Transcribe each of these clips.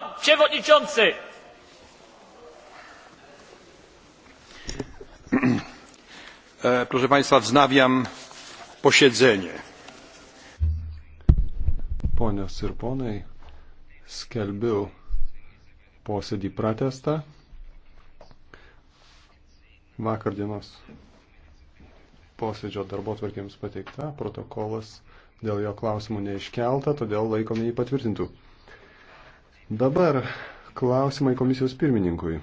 Pan przewodniczący! E, proszę Państwa, wznawiam posiedzenie. Ponios ir ponai, skelbiu posėdį pratestą. Vakar dienos posėdžio darbo tvarkėms pateikta, protokolas dėl jo klausimų neiškelta, todėl laikome jį patvirtintų. Dabar klausimai komisijos pirmininkui.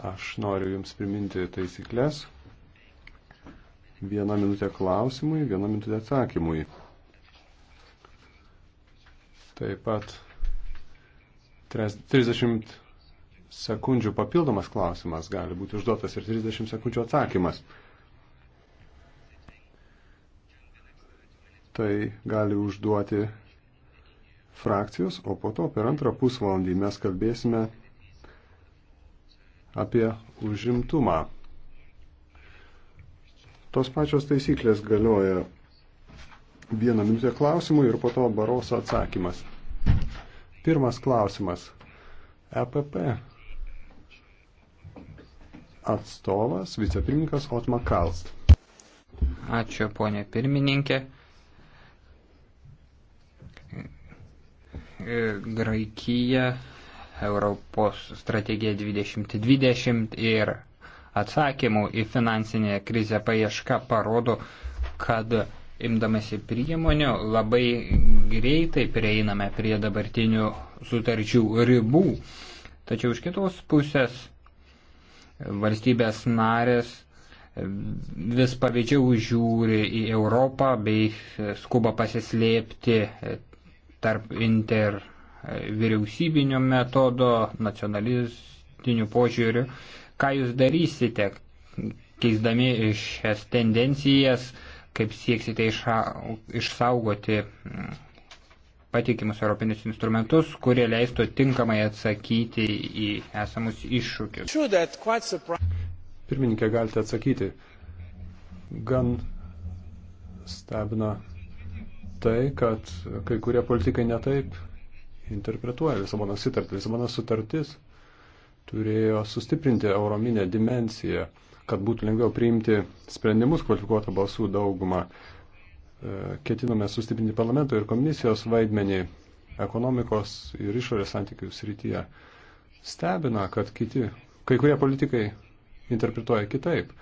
Aš noriu Jums priminti taisyklės. Viena minutė klausimui, viena minutė atsakymui. Taip pat 30 sekundžių papildomas klausimas gali būti užduotas ir 30 sekundžių atsakymas. tai gali užduoti frakcijos, o po to per antrą pusvalandį mes kalbėsime apie užimtumą. Tos pačios taisyklės galioja vieną minutę klausimui ir po to baroso atsakymas. Pirmas klausimas. EPP atstovas, vicepirmininkas Otma Kalst. Ačiū, ponė pirmininkė. E, Graikija, Europos strategija 2020 ir atsakymų į finansinę krizę paieška parodo, kad imdamasi priemonių labai greitai prieiname prie dabartinių sutarčių ribų. Tačiau iš kitos pusės valstybės narės vis pavydžiau žiūri į Europą bei skuba pasislėpti tarp inter vyriausybinio metodo, nacionalistinių požiūrių. Ką jūs darysite, keisdami šias tendencijas, kaip sieksite išsaugoti mm, patikimus europinius instrumentus, kurie leistų tinkamai atsakyti į esamus iššūkius. Pirmininkė, galite atsakyti. Gan stebina tai, kad kai kurie politikai netaip interpretuoja Lisabono sutartį. Lisabono sutartis turėjo sustiprinti eurominę dimenciją, kad būtų lengviau priimti sprendimus kvalifikuotą balsų daugumą. E, ketinome sustiprinti parlamento ir komisijos vaidmenį ekonomikos ir išorės santykių srityje. Stebina, kad kiti, kai kurie politikai interpretuoja kitaip.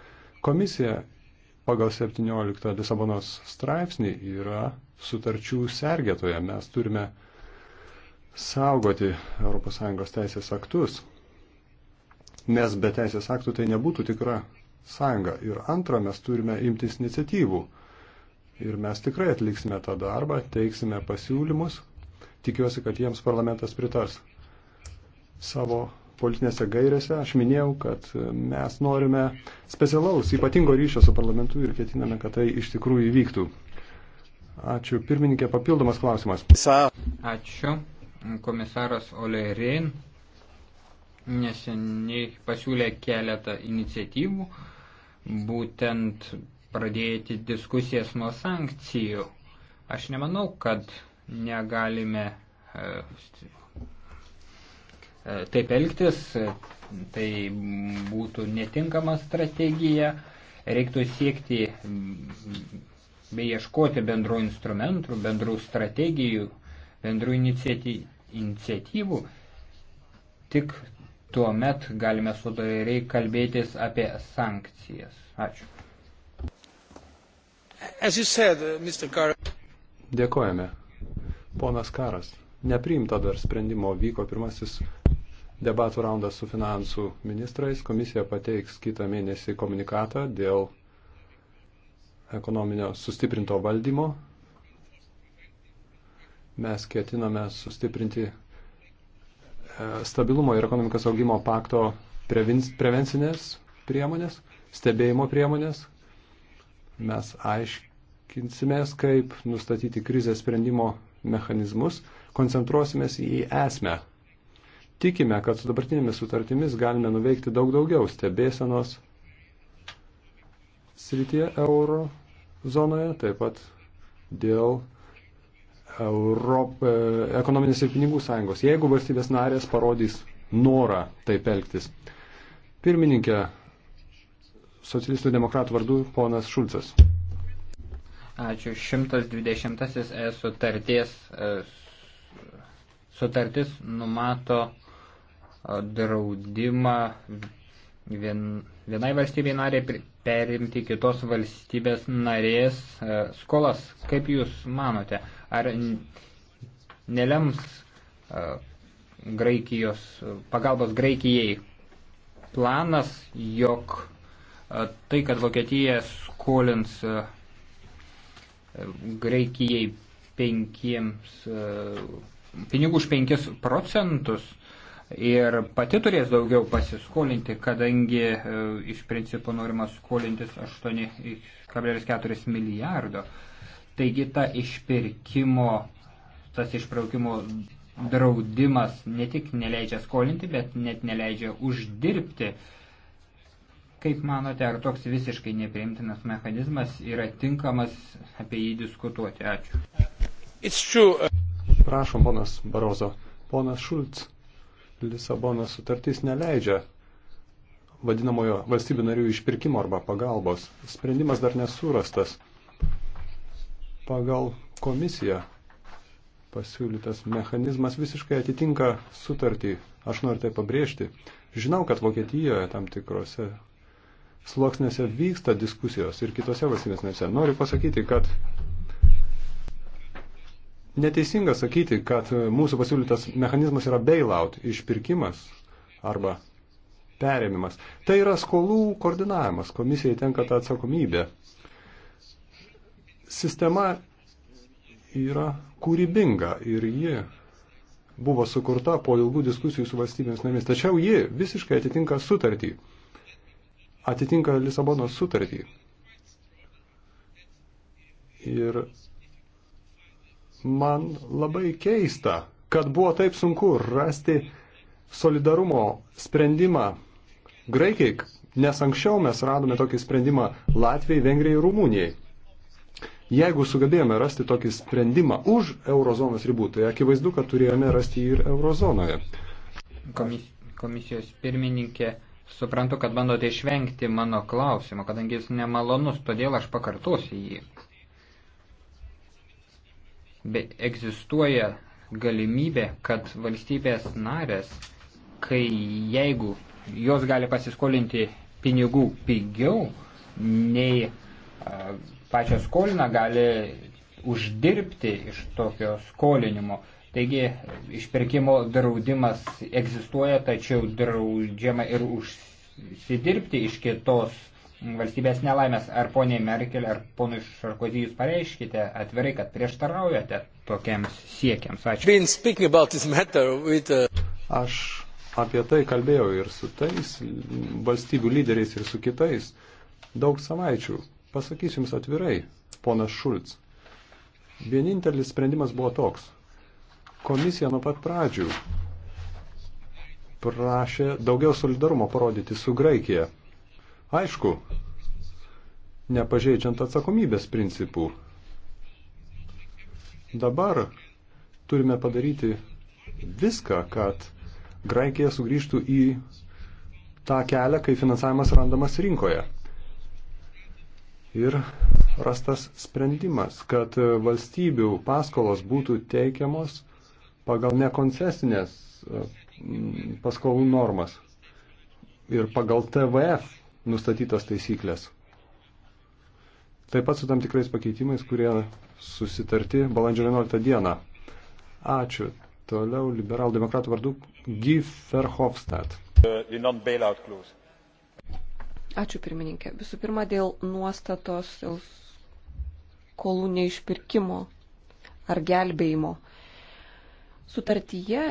Komisija pagal 17 Lisabonos straipsnį yra sutarčių sergėtoje. Mes turime saugoti ES teisės aktus, nes be teisės aktų tai nebūtų tikra sąjunga. Ir antra, mes turime imtis iniciatyvų. Ir mes tikrai atliksime tą darbą, teiksime pasiūlymus. Tikiuosi, kad jiems parlamentas pritars. Savo politinėse gairėse aš minėjau, kad mes norime specialaus, ypatingo ryšio su parlamentu ir ketiname, kad tai iš tikrųjų įvyktų. Ačiū. Pirmininkė, papildomas klausimas. Ačiū. Komisaras Ole Rein neseniai pasiūlė keletą iniciatyvų, būtent pradėti diskusijas nuo sankcijų. Aš nemanau, kad negalime e, e, taip elgtis, tai būtų netinkama strategija, reiktų siekti bei ieškoti bendrų instrumentų, bendrų strategijų, bendrų iniciatyvų, tik tuo met galime sudariai kalbėtis apie sankcijas. Ačiū. Said, uh, Dėkojame. Ponas Karas, nepriimta dar sprendimo vyko pirmasis debatų raundas su finansų ministrais. Komisija pateiks kitą mėnesį komunikatą dėl ekonominio sustiprinto valdymo. Mes ketiname sustiprinti e, stabilumo ir ekonomikos augimo pakto prevencinės priemonės, stebėjimo priemonės. Mes aiškinsimės, kaip nustatyti krizės sprendimo mechanizmus, koncentruosimės į esmę. Tikime, kad su dabartinėmis sutartimis galime nuveikti daug daugiau stebėsenos srityje euro zonoje, taip pat dėl Europ, e, ekonominės ir pinigų sąjungos, jeigu valstybės narės parodys norą taip elgtis. Pirmininkė, socialistų demokratų vardu ponas Šulcas. Ačiū. 120 ES sutarties, e, sutartis numato e, draudimą vien, vienai valstybei nariai perimti kitos valstybės narės e, skolas. Kaip Jūs manote, ar nelems e, Graikijos, pagalbos Graikijai planas, jog e, tai, kad Vokietija skolins Graikijai penkiems, pinigų už 5 procentus, ir pati turės daugiau pasiskolinti, kadangi e, iš principo norima skolintis 8,4 milijardo. Taigi ta išpirkimo, tas išbraukimo draudimas ne tik neleidžia skolinti, bet net neleidžia uždirbti. Kaip manote, ar toks visiškai nepriimtinas mechanizmas yra tinkamas apie jį diskutuoti? Ačiū. Prašom, ponas Barozo. Ponas Šulc. Lisabonos sutartis neleidžia vadinamojo valstybių narių išpirkimo arba pagalbos. Sprendimas dar nesurastas. Pagal komisiją pasiūlytas mechanizmas visiškai atitinka sutartį. Aš noriu tai pabrėžti. Žinau, kad Vokietijoje tam tikrose sluoksnėse vyksta diskusijos ir kitose valstybės narėse. Noriu pasakyti, kad neteisinga sakyti, kad mūsų pasiūlytas mechanizmas yra bailout, išpirkimas arba perėmimas. Tai yra skolų koordinavimas, komisijai tenka ta atsakomybė. Sistema yra kūrybinga ir ji buvo sukurta po ilgų diskusijų su valstybėmis namis. Tačiau ji visiškai atitinka sutartį. Atitinka Lisabonos sutartį. Ir Man labai keista, kad buvo taip sunku rasti solidarumo sprendimą Graikijai, nes anksčiau mes radome tokį sprendimą Latvijai, Vengrijai, Rumunijai. Jeigu sugebėjome rasti tokį sprendimą už eurozonos ribų, tai akivaizdu, kad turėjome rasti jį ir eurozonoje. Komis, komisijos pirmininkė, suprantu, kad bandote išvengti mano klausimo, kadangi jis nemalonus, todėl aš pakartosiu jį bet egzistuoja galimybė, kad valstybės narės, kai jeigu jos gali pasiskolinti pinigų pigiau, nei pačią skoliną gali uždirbti iš tokio skolinimo. Taigi išpirkimo draudimas egzistuoja, tačiau draudžiama ir užsidirbti iš kitos valstybės nelaimės. Ar poniai Merkel, ar ponui Šarkozy jūs pareiškite atvirai, kad prieštaraujate tokiems siekiams? Ačiū. Uh, Aš apie tai kalbėjau ir su tais valstybių lyderiais, ir su kitais daug savaičių. Pasakysiu Jums atvirai, ponas Šulc. Vienintelis sprendimas buvo toks. Komisija nuo pat pradžių prašė daugiau solidarumo parodyti su Graikija. Aišku, nepažeidžiant atsakomybės principų. Dabar turime padaryti viską, kad Graikija sugrįžtų į tą kelią, kai finansavimas randamas rinkoje. Ir rastas sprendimas, kad valstybių paskolos būtų teikiamos pagal nekoncesinės mm, paskolų normas ir pagal TVF nustatytas taisyklės. Taip pat su tam tikrais pakeitimais, kurie susitarti balandžio 11 dieną. Ačiū. Toliau liberal demokratų vardu Guy Verhofstadt. Ačiū pirmininkė. Visų pirma, dėl nuostatos dėl skolų neišpirkimo ar gelbėjimo. Sutartyje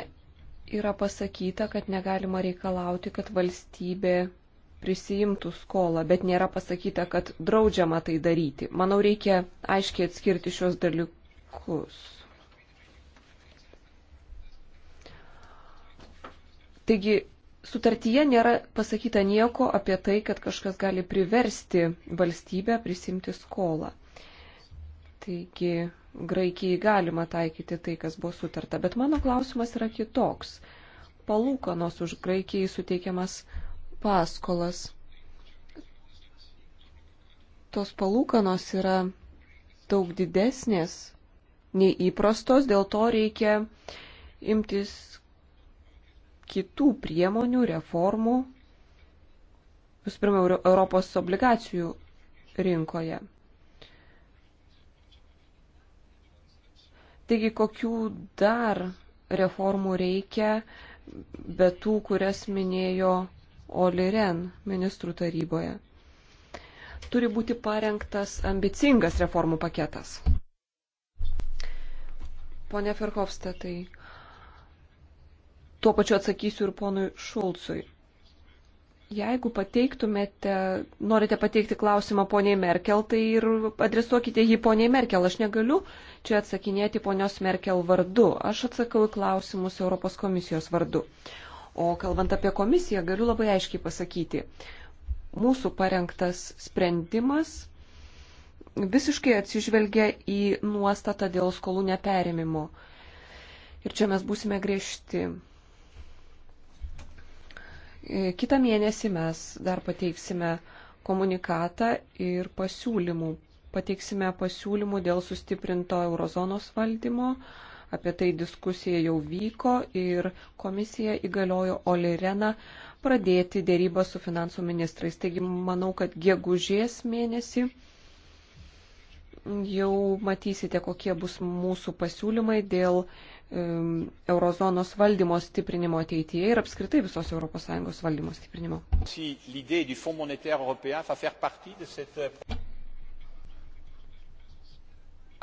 yra pasakyta, kad negalima reikalauti, kad valstybė prisijimtų skolą, bet nėra pasakyta, kad draudžiama tai daryti. Manau, reikia aiškiai atskirti šios dalykus. Taigi, sutartyje nėra pasakyta nieko apie tai, kad kažkas gali priversti valstybę prisimti skolą. Taigi, Graikijai galima taikyti tai, kas buvo sutarta. Bet mano klausimas yra kitoks. Palūkanos už Graikijai suteikiamas paskolas. Tos palūkanos yra daug didesnės nei įprastos, dėl to reikia imtis kitų priemonių, reformų, visų pirma, Europos obligacijų rinkoje. Taigi, kokių dar reformų reikia, be tų, kurias minėjo Oliren ministrų taryboje. Turi būti parengtas ambicingas reformų paketas. Pone Ferhofstatai, tuo pačiu atsakysiu ir ponui Šulcui. Jeigu pateiktumėte, norite pateikti klausimą poniai Merkel, tai ir adresuokite jį poniai Merkel. Aš negaliu čia atsakinėti ponios Merkel vardu. Aš atsakau į klausimus Europos komisijos vardu. O kalbant apie komisiją, galiu labai aiškiai pasakyti, mūsų parengtas sprendimas visiškai atsižvelgia į nuostatą dėl skolų neperėmimo. Ir čia mes būsime griežti. E, Kita mėnesį mes dar pateiksime komunikatą ir pasiūlymų. Pateiksime pasiūlymų dėl sustiprinto eurozonos valdymo, uh, Apie tai diskusija jau vyko ir komisija įgaliojo Olireną pradėti dėrybą su finansų ministrais. Taigi manau, kad gegužės mėnesį jau matysite, kokie bus mūsų pasiūlymai dėl um, eurozonos valdymo stiprinimo ateityje ir apskritai visos ES valdymo stiprinimo.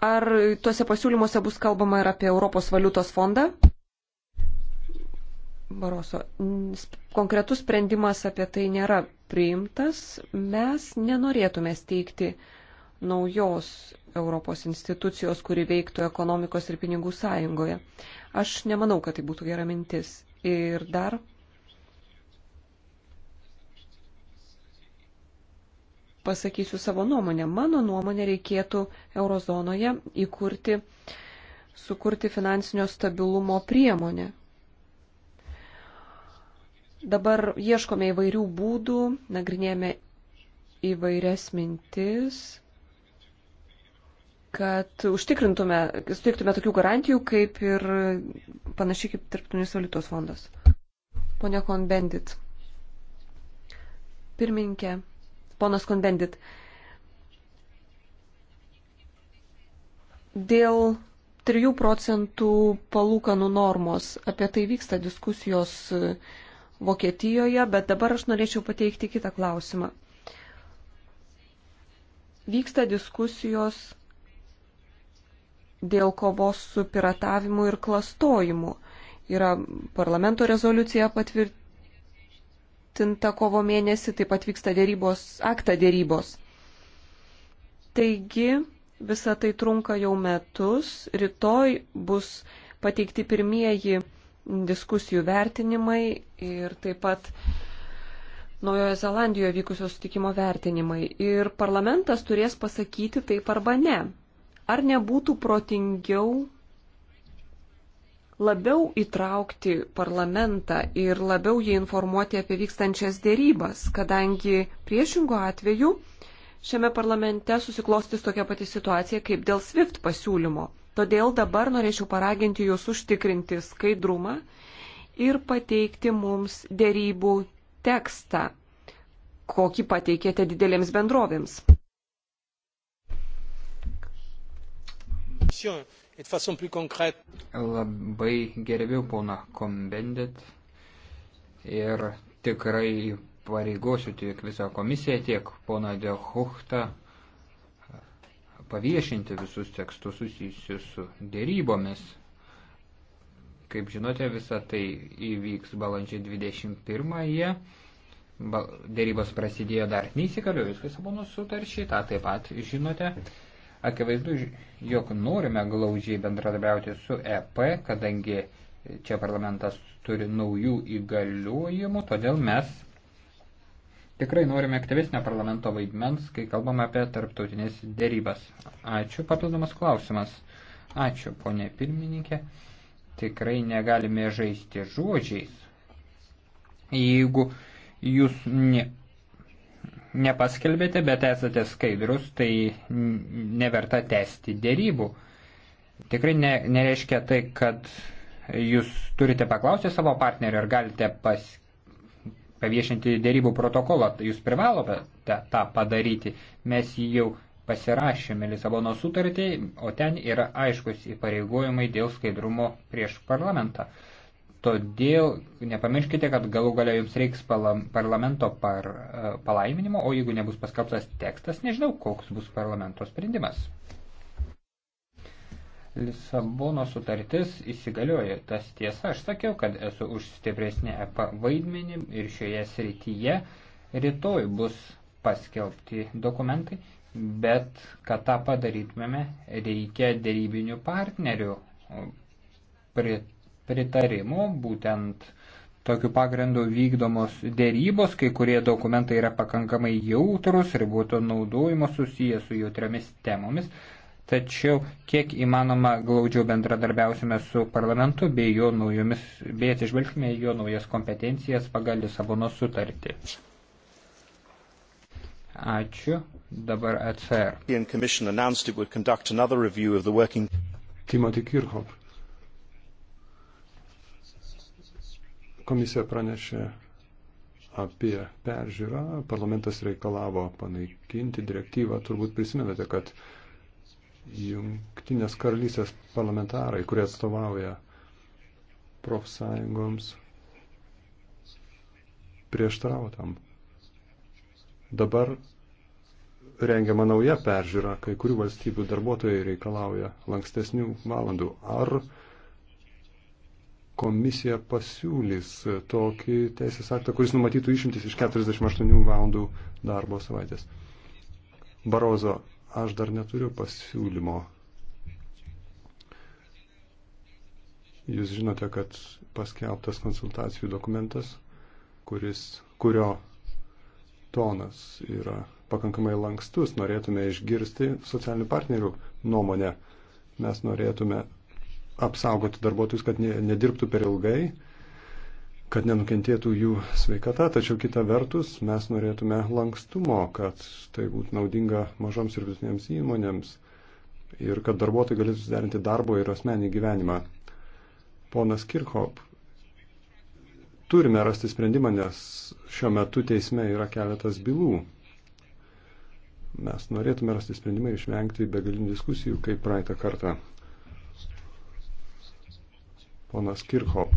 Ar tuose pasiūlymuose bus kalbama ir apie Europos valiutos fondą? Baroso, konkretus sprendimas apie tai nėra priimtas. Mes nenorėtume steigti naujos Europos institucijos, kuri veiktų ekonomikos ir pinigų sąjungoje. Aš nemanau, kad tai būtų gera mintis. Ir dar pasakysiu savo nuomonę. Mano nuomonė reikėtų eurozonoje įkurti, sukurti finansinio stabilumo priemonę. Dabar ieškome įvairių būdų, nagrinėjame įvairias mintis, kad užtikrintume, suteiktume tokių garantijų, kaip ir panašiai kaip Tarptautinis valiutos fondas. Pone Konbendit. Pirminkė ponas Konbendit. Dėl 3 procentų palūkanų normos apie tai vyksta diskusijos Vokietijoje, bet dabar aš norėčiau pateikti kitą klausimą. Vyksta diskusijos dėl kovos su piratavimu ir klastojimu. Yra parlamento rezoliucija patvirt, patvirtinta kovo mėnesį, taip pat vyksta dėrybos, akta dėrybos. Taigi, visa tai trunka jau metus, rytoj bus pateikti pirmieji diskusijų vertinimai ir taip pat Naujojo Zelandijoje vykusio sutikimo vertinimai. Ir parlamentas turės pasakyti taip arba ne. Ar nebūtų protingiau labiau įtraukti parlamentą ir labiau jį informuoti apie vykstančias dėrybas, kadangi priešingų atveju šiame parlamente susiklostys tokia pati situacija kaip dėl SWIFT pasiūlymo. Todėl dabar norėčiau paraginti jūs užtikrinti skaidrumą ir pateikti mums dėrybų tekstą, kokį pateikėte didelėms bendrovėms. Labai gerbiu poną Kombendit ir tikrai pareigosiu tiek visą komisiją, tiek poną Dehuchtą paviešinti visus tekstus susijusius su dėrybomis. Kaip žinote, visa tai įvyks balandžio 21-ąją. Dėrybos prasidėjo dar neįsigaliojus Lisabonos sutarčiai, tą taip pat žinote. Akivaizdu, jog norime glaudžiai bendradarbiauti su EP, kadangi čia parlamentas turi naujų įgaliojimų, todėl mes tikrai norime aktyvesnio parlamento vaidmens, kai kalbam apie tarptautinės dėrybas. Ačiū, papildomas klausimas. Ačiū, ponė pirmininkė. Tikrai negalime žaisti žodžiais. Jeigu jūs ne, nepaskelbėte, bet esate skaidrus, tai neverta tęsti dėrybų. Tikrai ne, nereiškia tai, kad jūs turite paklausti savo partnerio ir galite pas, paviešinti dėrybų protokolą. Jūs privalote tą padaryti. Mes jau pasirašėme Lisabono sutartį, o ten yra aiškus įpareigojimai dėl skaidrumo prieš parlamentą. Todėl nepamirškite, kad galų galia jums reiks parlamento par, e, palaiminimo, o jeigu nebus paskelbtas tekstas, nežinau, koks bus parlamento sprendimas. Lisabono sutartis įsigalioja. Tas tiesa, aš sakiau, kad esu už stipresnį EPA vaidmenį ir šioje srityje rytoj bus paskelbti dokumentai, bet kad tą padarytumėme, reikia dėrybinių partnerių prie pritarimu, būtent tokiu pagrindu vykdomos dėrybos, kai kurie dokumentai yra pakankamai jautrus, riboto naudojimo susiję su jautriamis temomis, tačiau kiek įmanoma glaudžiau bendradarbiausime su parlamentu bei, jo naujomis, bei atsižvelgime jo naujas kompetencijas pagal Lisabono sutartį. Ačiū. Dabar atsver. Timothy Kirchhoff Komisija pranešė apie peržiūrą. Parlamentas reikalavo panaikinti direktyvą. Turbūt prisimenate, kad jungtinės karalystės parlamentarai, kurie atstovauja profsąjungoms, prieštaravo tam. Dabar rengiama nauja peržiūra, kai kurių valstybių darbuotojai reikalauja lankstesnių valandų. Ar komisija pasiūlys tokį teisės aktą, kuris numatytų išimtis iš 48 valandų darbo savaitės. Barozo, aš dar neturiu pasiūlymo. Jūs žinote, kad paskelbtas konsultacijų dokumentas, kuris, kurio tonas yra pakankamai lankstus, norėtume išgirsti socialinių partnerių nuomonę. Mes norėtume apsaugoti darbuotojus, kad nedirbtų per ilgai, kad nenukentėtų jų sveikata, tačiau kita vertus mes norėtume lankstumo, kad tai būtų naudinga mažoms ir vidutinėms įmonėms ir kad darbuotojai galėtų suderinti darbo ir asmenį gyvenimą. Ponas Kirchhoff, turime rasti sprendimą, nes šiuo metu teisme yra keletas bylų. Mes norėtume rasti sprendimą ir išvengti begalinių diskusijų kaip praeitą kartą ponas Kirchhoff.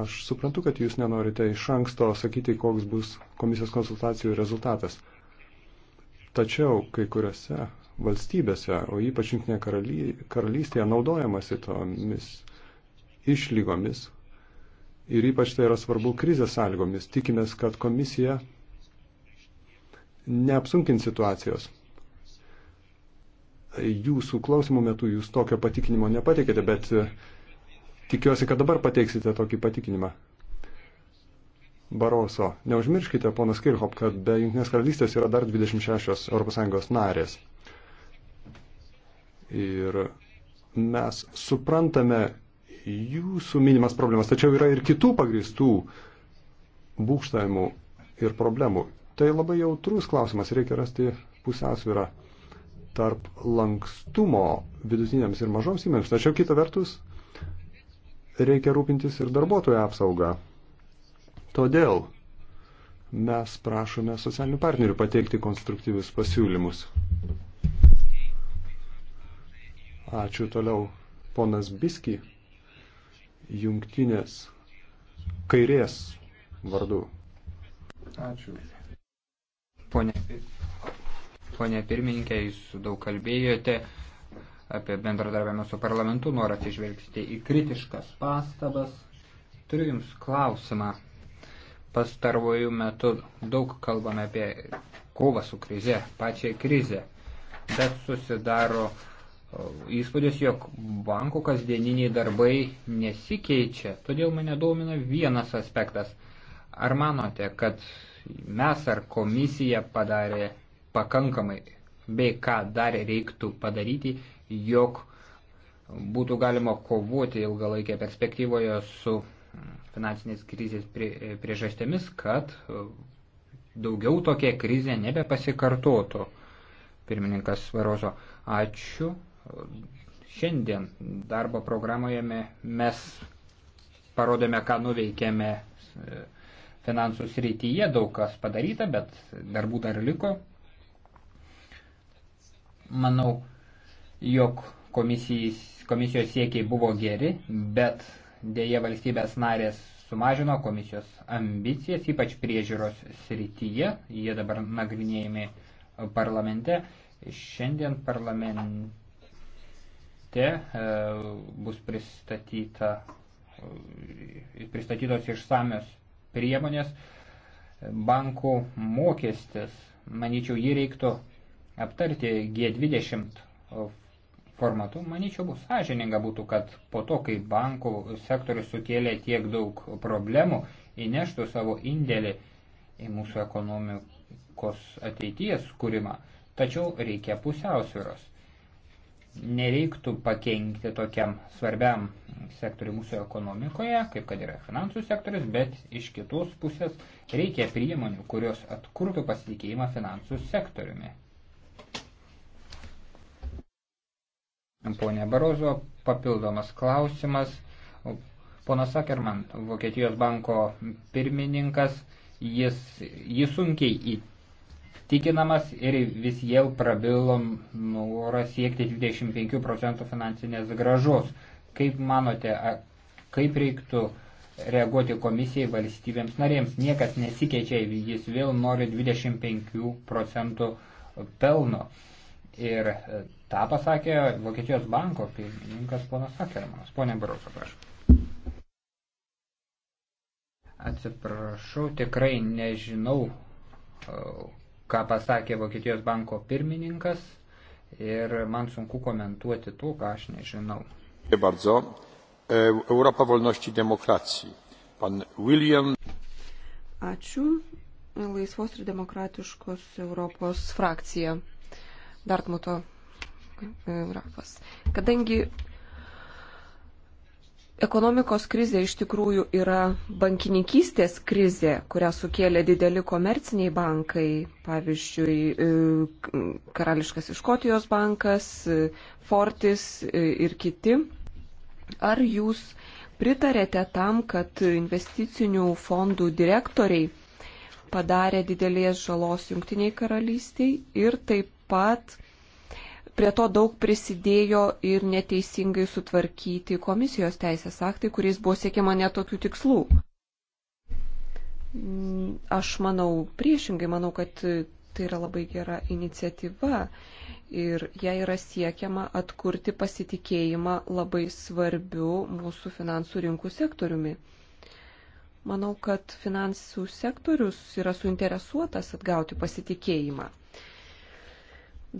Aš suprantu, kad jūs nenorite iš anksto sakyti, koks bus komisijos konsultacijų rezultatas. Tačiau kai kuriuose valstybėse, o ypač Junktinėje karaly, karalystėje, naudojamasi tomis išlygomis. Ir ypač tai yra svarbu krizės sąlygomis. Tikimės, kad komisija neapsunkins situacijos. Jūsų klausimų metu jūs tokio patikinimo nepateikėte, bet Tikiuosi, kad dabar pateiksite tokį patikinimą. Baroso, neužmirškite, ponas Kirchop, kad be Junktinės karalystės yra dar 26 ES narės. Ir mes suprantame jūsų minimas problemas, tačiau yra ir kitų pagristų būkštavimų ir problemų. Tai labai jautrus klausimas, reikia rasti pusiausvyrą tarp lankstumo vidutinėms ir mažoms įmonėms, tačiau kita vertus reikia rūpintis ir darbuotojų apsaugą. Todėl mes prašome socialinių partnerių pateikti konstruktyvius pasiūlymus. Ačiū toliau. Ponas Biski, jungtinės kairės vardu. Ačiū. Pone, pone pirmininkė, jūs daug kalbėjote apie bendradarbiavimą su parlamentu, noriu atsižvelgti į kritiškas pastabas. Turiu Jums klausimą. Pastarvojų metu daug kalbame apie kovą su krize, pačią krizę, bet susidaro įspūdis, jog bankų kasdieniniai darbai nesikeičia. Todėl mane domina vienas aspektas. Ar manote, kad mes ar komisija padarė pakankamai bei ką dar reiktų padaryti, jog būtų galima kovoti ilgalaikėje perspektyvoje su finansinės krizės priežastėmis, kad daugiau tokia krizė nebepasikartotų. Pirmininkas Varozo, ačiū. Šiandien darbo programoje mes parodėme, ką nuveikėme e, finansų srityje, daug kas padaryta, bet darbų dar liko. Manau, jog komisijos siekiai buvo geri, bet dėje valstybės narės sumažino komisijos ambicijas, ypač priežiūros srityje. Jie dabar nagrinėjami parlamente. Šiandien parlamente e, bus pristatyta, e, pristatytos išsamios priemonės. Bankų mokestis, manyčiau, jį reiktų aptarti G20 formatu, manyčiau, bus sąžininga būtų, kad po to, kai bankų sektorius sukėlė tiek daug problemų, įneštų savo indėlį į mūsų ekonomikos ateities kūrimą. Tačiau reikia pusiausvyros. Nereiktų pakengti tokiam svarbiam sektoriui mūsų ekonomikoje, kaip kad yra finansų sektorius, bet iš kitos pusės reikia priemonių, kurios atkurtų pasitikėjimą finansų sektoriumi. Pone Barozo, papildomas klausimas. Ponas Sakerman, Vokietijos banko pirmininkas, jis, jis sunkiai įtikinamas ir vis jau prabilom norą siekti 25 procentų finansinės gražos. Kaip manote, kaip reiktų reaguoti komisijai valstybėms narėms? Niekas nesikeičia, jis vėl nori 25 procentų pelno. Ir e, Ta pasakė Vokietijos banko pirmininkas ponas Akermanas. Pone Barauso, prašau. Atsiprašau, tikrai nežinau, ką pasakė Vokietijos banko pirmininkas ir man sunku komentuoti to, ką aš nežinau. Bardzo. E, Europa Wolności Demokracji. Pan William. Ačiū. Laisvos ir demokratiškos Europos frakcija. Dartmuto Rafas. Kadangi ekonomikos krizė iš tikrųjų yra bankininkystės krizė, kurią sukėlė dideli komerciniai bankai, pavyzdžiui, e, Karališkas Iškotijos bankas, e, Fortis e, ir kiti. Ar jūs pritarėte tam, kad investicinių fondų direktoriai padarė didelės žalos Junktiniai karalystiai ir taip pat prie to daug prisidėjo ir neteisingai sutvarkyti komisijos teisės aktai, kuriais buvo siekiama netokių tikslų. Aš manau, priešingai manau, kad tai yra labai gera iniciatyva ir jai yra siekiama atkurti pasitikėjimą labai svarbiu mūsų finansų rinkų sektoriumi. Manau, kad finansų sektorius yra suinteresuotas atgauti pasitikėjimą.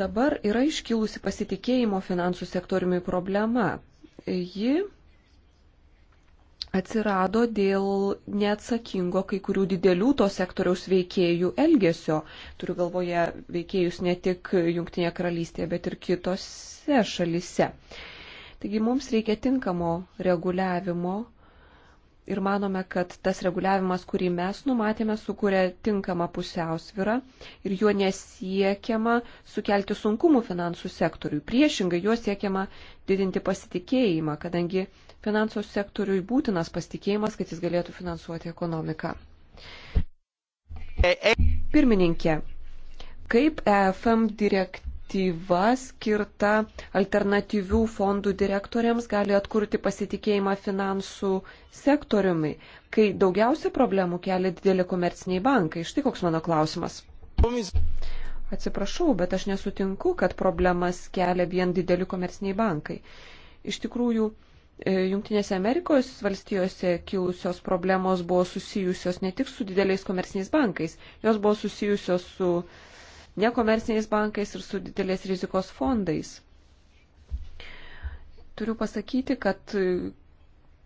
Dabar yra iškilusi pasitikėjimo finansų sektoriumi problema. Ji atsirado dėl neatsakingo kai kurių didelių to sektoriaus veikėjų elgesio. Turiu galvoje veikėjus ne tik Junktinėje karalystėje, bet ir kitose šalise. Taigi mums reikia tinkamo reguliavimo ir manome, kad tas reguliavimas, kurį mes numatėme, sukuria tinkamą pusiausvyrą ir juo nesiekiama sukelti sunkumų finansų sektoriui. Priešingai, juo siekiama didinti pasitikėjimą, kadangi finansų sektoriui būtinas pasitikėjimas, kad jis galėtų finansuoti ekonomiką. Pirmininkė, kaip EFM direktyva direktyva skirta alternatyvių fondų direktoriams gali atkurti pasitikėjimą finansų sektoriumi, kai daugiausia problemų kelia dideli komerciniai bankai. Štai koks mano klausimas. Atsiprašau, bet aš nesutinku, kad problemas kelia vien dideli komerciniai bankai. Iš tikrųjų, e, Junktinėse Amerikos valstijose kilusios problemos buvo susijusios ne tik su dideliais komerciniais bankais, jos buvo susijusios su nekomerciniais bankais ir su didelės rizikos fondais. Turiu pasakyti, kad e,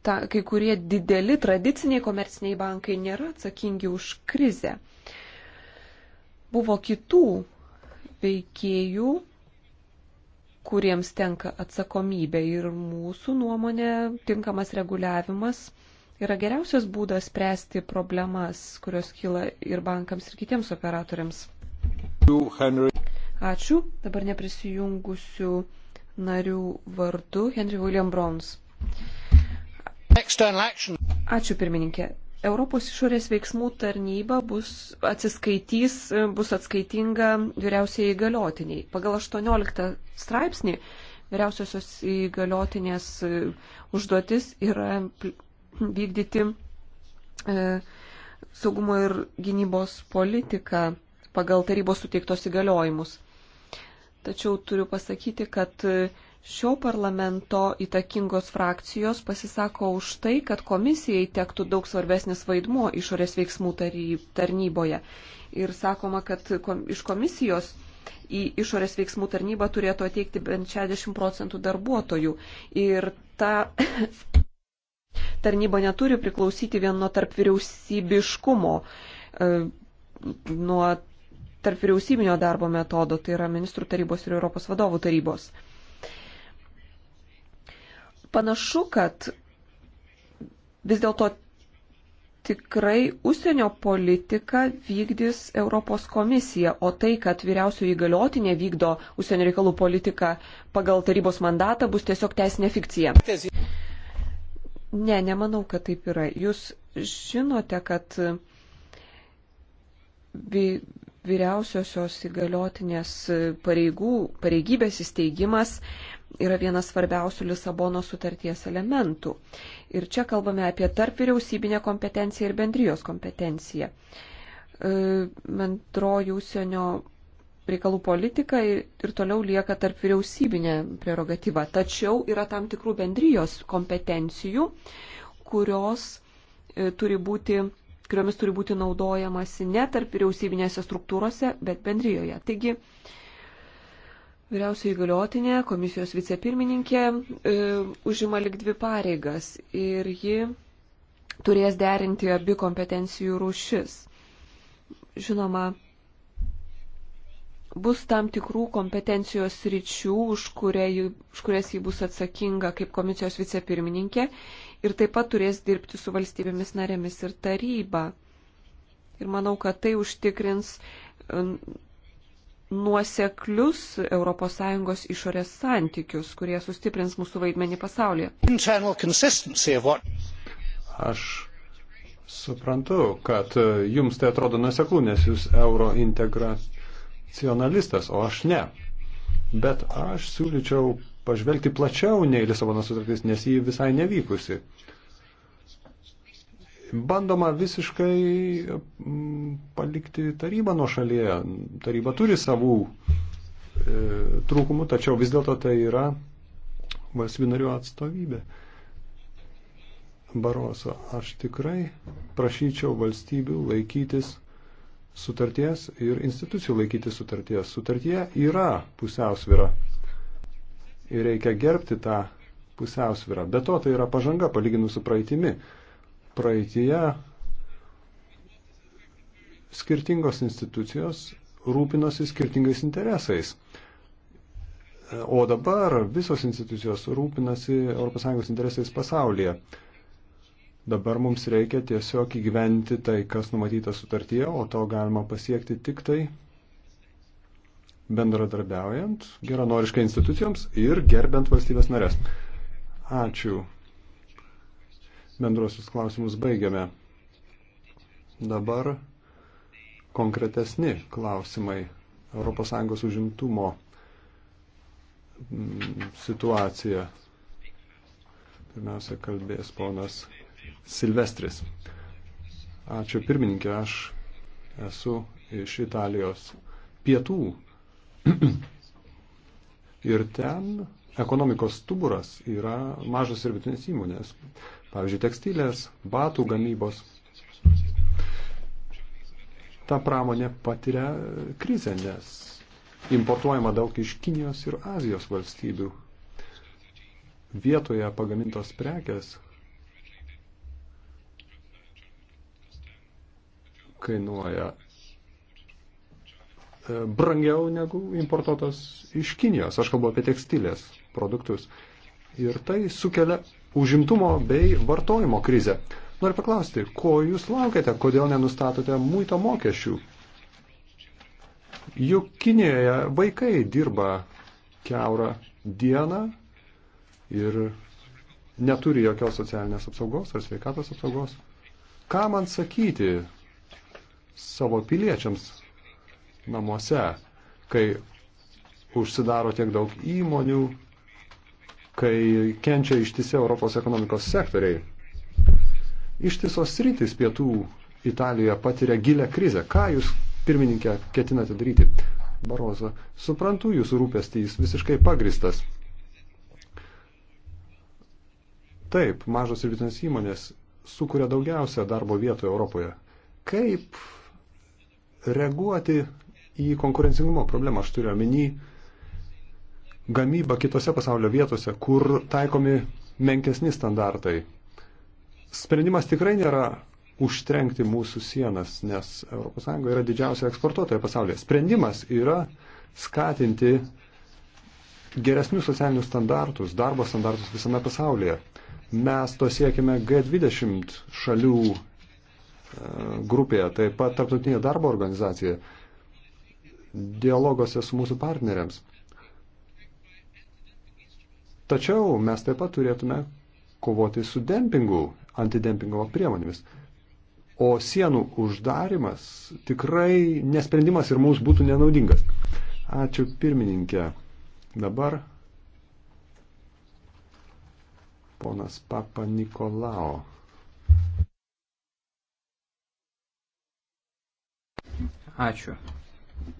ta, kai kurie dideli tradiciniai komerciniai bankai nėra atsakingi už krizę. Buvo kitų veikėjų, kuriems tenka atsakomybė ir mūsų nuomonė tinkamas reguliavimas yra geriausias būdas spręsti problemas, kurios kyla ir bankams, ir kitiems operatoriams. Ačiū. Dabar neprisijungusių narių vardu Henry William Browns. Ačiū pirmininkė. Europos išorės veiksmų tarnyba bus atsiskaitys, bus atskaitinga vyriausiai įgaliotiniai. Pagal 18 straipsnį vyriausiosios įgaliotinės e, užduotis yra vykdyti e, saugumo ir gynybos politiką pagal tarybos suteiktos įgaliojimus. Tačiau turiu pasakyti, kad šio parlamento įtakingos frakcijos pasisako už tai, kad komisijai tektų daug svarbesnis vaidmuo išorės veiksmų tarnyboje. Ir sakoma, kad iš komisijos į išorės veiksmų tarnybą turėtų ateikti bent 60 procentų darbuotojų. Ir ta tarnyba neturi priklausyti vien nuo tarp vyriausybiškumo, e, nuo tarp vyriausybinio darbo metodo, tai yra ministrų tarybos ir Europos vadovų tarybos. Panašu, kad vis dėlto tikrai užsienio politiką vykdys Europos komisija, o tai, kad vyriausioji įgaliotinė vykdo užsienio reikalų politiką pagal tarybos mandatą, bus tiesiog teisinė fikcija. Ne, nemanau, kad taip yra. Jūs žinote, kad vyriausiosios įgaliotinės pareigų, pareigybės įsteigimas yra vienas svarbiausių Lisabono sutarties elementų. Ir čia kalbame apie tarp vyriausybinę kompetenciją ir bendrijos kompetenciją. E, bendroji užsienio reikalų politika ir toliau lieka tarp vyriausybinė prerogatyva. Tačiau yra tam tikrų bendrijos kompetencijų, kurios e, turi būti kuriomis turi būti naudojamasi ne tarp vyriausybinėse struktūrose, bet bendryjoje. Taigi, vyriausiai įgaliotinė, komisijos vicepirmininkė, e, užima lik dvi pareigas ir ji turės derinti abi kompetencijų rūšis. Žinoma, bus tam tikrų kompetencijos ryčių, už, kuria, už kurias ji bus atsakinga kaip komisijos vicepirmininkė ir taip pat turės dirbti su valstybėmis narėmis ir taryba. Ir manau, kad tai užtikrins e, nuoseklius ES išorės santykius, kurie sustiprins mūsų vaidmenį pasaulyje. Aš suprantu, kad e, jums tai atrodo nuoseklu, nes jūs euro integracionalistas, o aš ne. Bet aš siūlyčiau pažvelgti plačiau nei Lisabono sutartis, nes ji visai nevykusi bandoma visiškai mm, palikti tarybą nuo šalyje. Taryba turi savų e, trūkumų, tačiau vis dėlto tai yra valstybinarių atstovybė. Baroso, aš tikrai prašyčiau valstybių laikytis sutarties ir institucijų laikytis sutarties. Sutartie yra pusiausvyra ir reikia gerbti tą pusiausvyrą. Be to tai yra pažanga palyginus su praeitimi praeitie skirtingos institucijos rūpinosi skirtingais interesais. O dabar visos institucijos rūpinasi ES interesais pasaulyje. Dabar mums reikia tiesiog įgyventi tai, kas numatyta sutartyje, o to galima pasiekti tik tai bendradarbiaujant, geranoriškai institucijoms ir gerbent valstybės narės. Ačiū bendrosius klausimus baigiame. Dabar konkretesni klausimai ES užimtumo mm, situacija. Pirmiausia, kalbės ponas Silvestris. Ačiū pirmininkė, aš esu iš Italijos pietų. ir ten ekonomikos stuburas yra mažas ir vidutinis įmonės pavyzdžiui, tekstilės, batų gamybos. Ta pramonė patiria krizę, nes importuojama daug iš Kinijos ir Azijos valstybių. Vietoje pagamintos prekės kainuoja e, brangiau negu importuotos iš Kinijos. Aš kalbu apie tekstilės produktus. Ir tai sukelia užimtumo bei vartojimo krizę. Noriu paklausti, ko jūs laukiate, kodėl nenustatote muito mokesčių? Juk Kinijoje vaikai dirba keurą dieną ir neturi jokios socialinės apsaugos ar sveikatos apsaugos. Ką man sakyti savo piliečiams namuose, kai užsidaro tiek daug įmonių, kai kenčia ištisi Europos ekonomikos sektoriai. Ištisos rytis pietų Italijoje patiria gilę krizę. Ką jūs, pirmininkė, ketinate daryti? Barozo, suprantu jūsų rūpestį, jis visiškai pagristas. Taip, mažos ir vidutinės įmonės sukuria daugiausia darbo vietų Europoje. Kaip reaguoti į konkurencingumo problemą? Aš turiu omeny gamybą kitose pasaulio vietose, kur taikomi menkesni standartai. Sprendimas tikrai nėra užtrenkti mūsų sienas, nes ES yra didžiausia eksportuotoja pasaulyje. Sprendimas yra skatinti geresnius socialinius standartus, darbo standartus visame pasaulyje. Mes to siekime G20 šalių e, grupėje, taip pat Tarptautinėje darbo organizacijoje, dialogose su mūsų partneriams. Tačiau mes taip pat turėtume kovoti su dempingu, antidempingo priemonėmis. O sienų uždarimas tikrai nesprendimas ir mums būtų nenaudingas. Ačiū pirmininkė. Dabar ponas Papa Nikolao. Ačiū,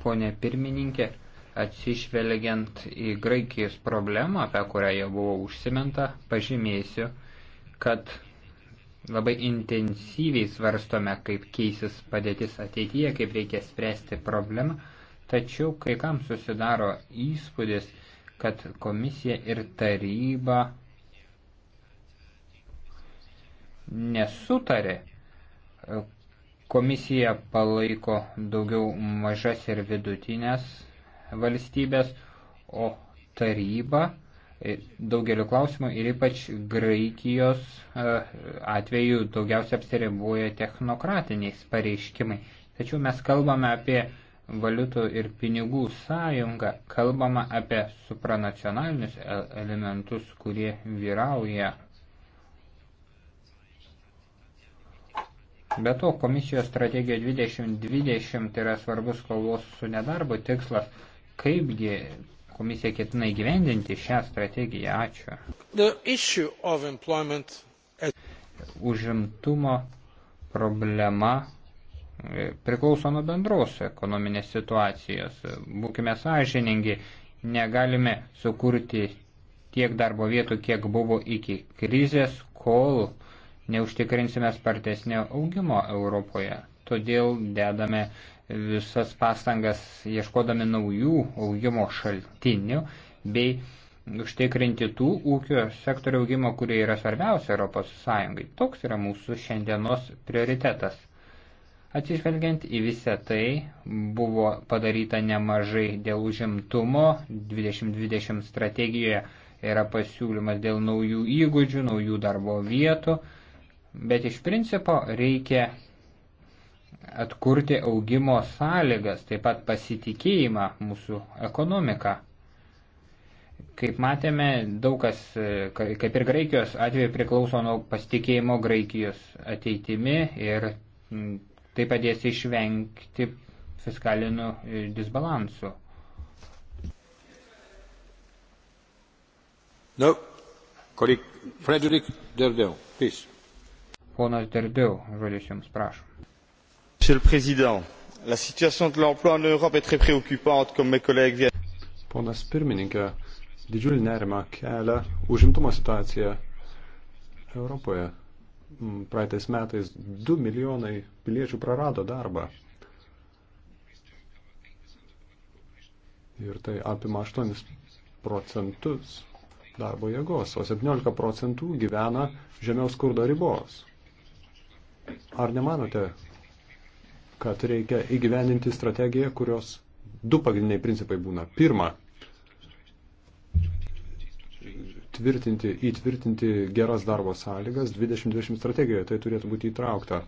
ponė pirmininkė. Atsižvelgiant į Graikijos problemą, apie kurią jau buvo užsiminta, pažymėsiu, kad labai intensyviai svarstome, kaip keisis padėtis ateityje, kaip reikia spręsti problemą, tačiau kai kam susidaro įspūdis, kad komisija ir taryba nesutarė. Komisija palaiko daugiau mažas ir vidutinės valstybės, o taryba e, daugeliu klausimų ir ypač Graikijos e, atveju daugiausia apsiribuoja technokratiniais pareiškimai. Tačiau mes kalbame apie valiutų ir pinigų sąjungą, kalbama apie supranacionalinius e, elementus, kurie vyrauja. Be to, komisijos strategija 2020 tai yra svarbus kovos su nedarbo tikslas kaipgi komisija ketina įgyvendinti šią strategiją. Ačiū. Užimtumo problema e, priklauso nuo bendros ekonominės situacijos. Būkime sąžiningi, negalime sukurti tiek darbo vietų, kiek buvo iki krizės, kol neužtikrinsime spartesnio augimo Europoje. Todėl dedame visas pastangas ieškodami naujų augimo šaltinių bei užtikrinti tų ūkio sektorių augimo, kurie yra svarbiausia ES. Toks yra mūsų šiandienos prioritetas. Atsižvelgiant į visą tai, buvo padaryta nemažai dėl užimtumo 2020 strategijoje yra pasiūlymas dėl naujų įgūdžių, naujų darbo vietų, bet iš principo reikia atkurti augimo sąlygas, taip pat pasitikėjimą mūsų ekonomiką. Kaip matėme, daug kas, e, kaip ir Graikijos atveju, priklauso nuo pasitikėjimo Graikijos ateitimi ir tai padės išvengti fiskalinių e, disbalansų. No. Kolik Frederik Derdeu, please. Ponas Derdeu, žodis jums prašom. Monsieur le Président, la situation de l'emploi en Europe est très préoccupante, comme mes collègues viennent. Ponas pirmininkė, didžiulį nerimą kelia užimtumo situacija Europoje. Mm, praeitais metais 2 milijonai piliečių prarado darbą. Ir tai apima 8 procentus darbo jėgos, o 17 procentų gyvena žemiaus skurdo ribos. Ar nemanote, kad reikia įgyvendinti strategiją, kurios du pagrindiniai principai būna. Pirma, tvirtinti, įtvirtinti geras darbo sąlygas 2020 strategijoje, tai turėtų būti įtraukta,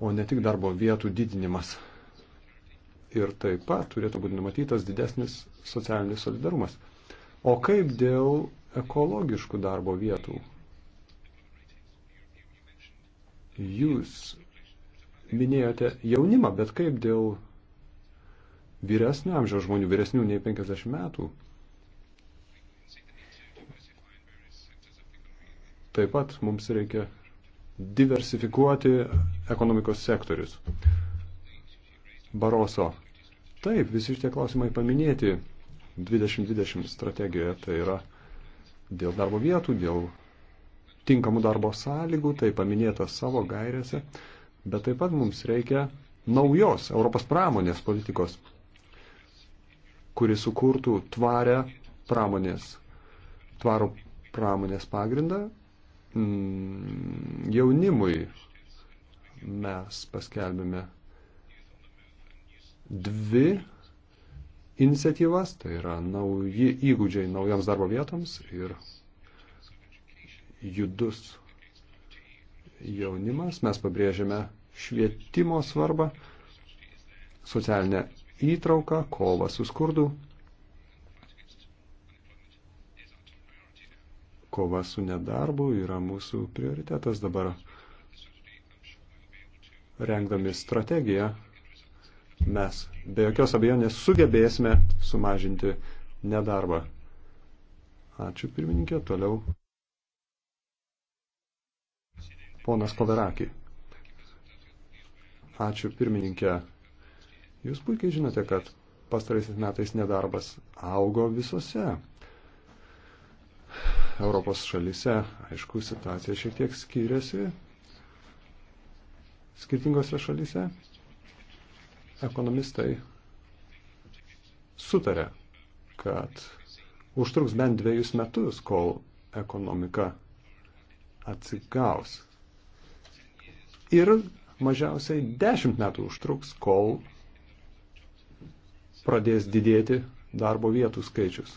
o ne tik darbo vietų didinimas. Ir taip pat turėtų būti numatytas didesnis socialinis solidarumas. O kaip dėl ekologiškų darbo vietų? Jūs minėjote jaunimą, bet kaip dėl vyresnio amžiaus žmonių, vyresnių nei 50 metų? Taip pat mums reikia diversifikuoti ekonomikos sektorius. Baroso. Taip, visi šitie klausimai paminėti 2020 strategijoje, tai yra dėl darbo vietų, dėl tinkamų darbo sąlygų, tai paminėta savo gairėse bet taip pat mums reikia naujos Europos pramonės politikos, kuri sukurtų tvarę pramonės, tvarų pramonės pagrindą mm, jaunimui mes paskelbėme dvi iniciatyvas, tai yra nauji įgūdžiai naujams darbo vietoms ir judus jaunimas, mes pabrėžiame švietimo svarbą, socialinę įtrauką, kovą su skurdu, kova su nedarbu yra mūsų prioritetas dabar. Rengdami strategiją, mes be jokios abejonės sugebėsime sumažinti nedarbą. Ačiū pirmininkė, toliau Ponas Koverakį. Ačiū pirmininkė. Jūs puikiai žinote, kad pastaraisiais metais nedarbas augo visose Europos šalise. Aišku, situacija šiek tiek skiriasi skirtingose šalise. Ekonomistai sutarė, kad užtruks bent dviejus metus, kol ekonomika atsigaus ir mažiausiai 10 metų užtruks, kol pradės didėti darbo vietų skaičius.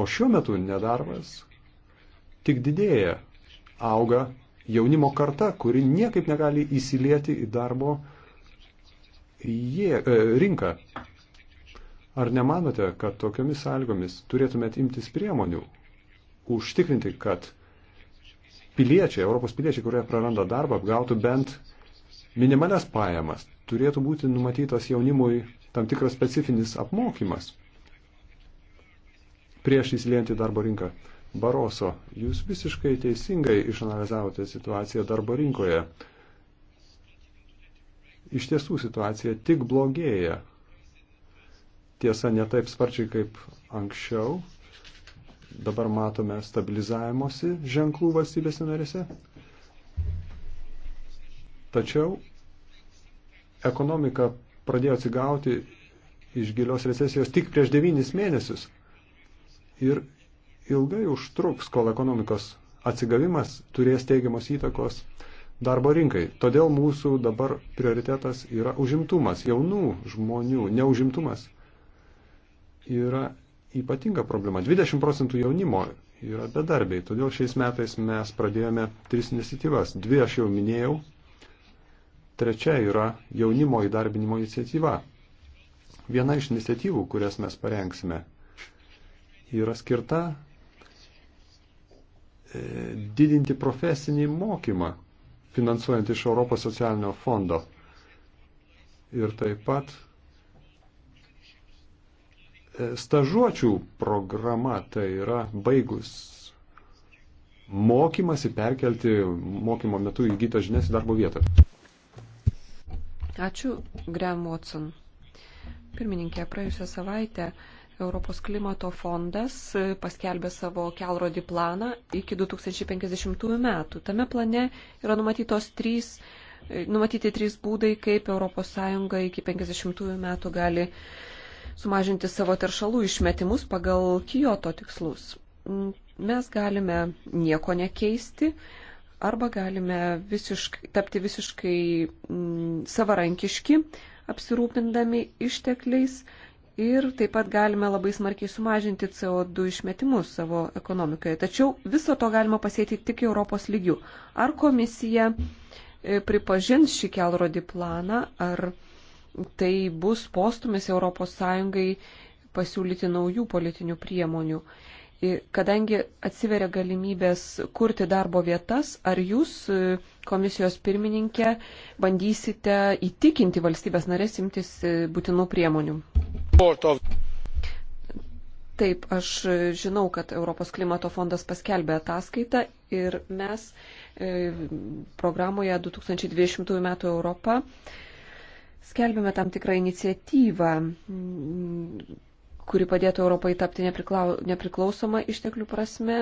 O šiuo metu nedarbas tik didėja, auga jaunimo karta, kuri niekaip negali įsilieti į darbo jie, e, rinką. Ar nemanote, kad tokiomis sąlygomis turėtumėt imtis priemonių, užtikrinti, kad piliečiai, Europos piliečiai, kurie praranda darbą, gautų bent minimales pajamas. Turėtų būti numatytas jaunimui tam tikras specifinis apmokymas prieš įsiliejant į darbo rinką. Baroso, jūs visiškai teisingai išanalizavote situaciją darbo rinkoje. Iš tiesų situacija tik blogėja. Tiesa, ne taip sparčiai kaip anksčiau, dabar matome stabilizavimosi ženklų valstybėse narėse. Tačiau ekonomika pradėjo atsigauti iš gilios recesijos tik prieš devynis mėnesius. Ir ilgai užtruks, kol ekonomikos atsigavimas turės teigiamos įtakos darbo rinkai. Todėl mūsų dabar prioritetas yra užimtumas, jaunų žmonių neužimtumas yra ypatinga problema. 20 procentų jaunimo yra bedarbiai, todėl šiais metais mes pradėjome tris iniciatyvas. Dvi aš jau minėjau, trečia yra jaunimo įdarbinimo iniciatyva. Viena iš iniciatyvų, kurias mes parengsime, yra skirta e, didinti profesinį mokymą, finansuojant iš Europos socialinio fondo. Ir taip pat stažuočių programa, tai yra baigus mokymasi perkelti mokymo metu įgytą žinias į darbo vietą. Ačiū, Graham Watson. Pirmininkė, praėjusią savaitę Europos klimato fondas paskelbė savo kelrodį planą iki 2050 metų. Tame plane yra numatytos trys, numatyti trys būdai, kaip ES iki 50 metų gali sumažinti savo teršalų išmetimus pagal Kyoto tikslus. Mes galime nieko nekeisti arba galime visiškai, tapti visiškai m, mm, savarankiški, apsirūpindami ištekliais ir taip pat galime labai smarkiai sumažinti CO2 išmetimus savo ekonomikoje. Tačiau viso to galima pasėti tik Europos lygių. Ar komisija e, pripažins šį kelrodį planą, ar tai bus postumis ES pasiūlyti naujų politinių priemonių. Ir kadangi atsiveria galimybės kurti darbo vietas, ar jūs, e, komisijos pirmininkė, bandysite įtikinti valstybės narės imtis e, būtinų priemonių? Taip, aš žinau, kad Europos klimato fondas paskelbė ataskaitą ir mes e, programoje 2020 m. Europa skelbėme tam tikrą iniciatyvą, kuri padėtų Europai tapti nepriklau, nepriklausoma išteklių prasme,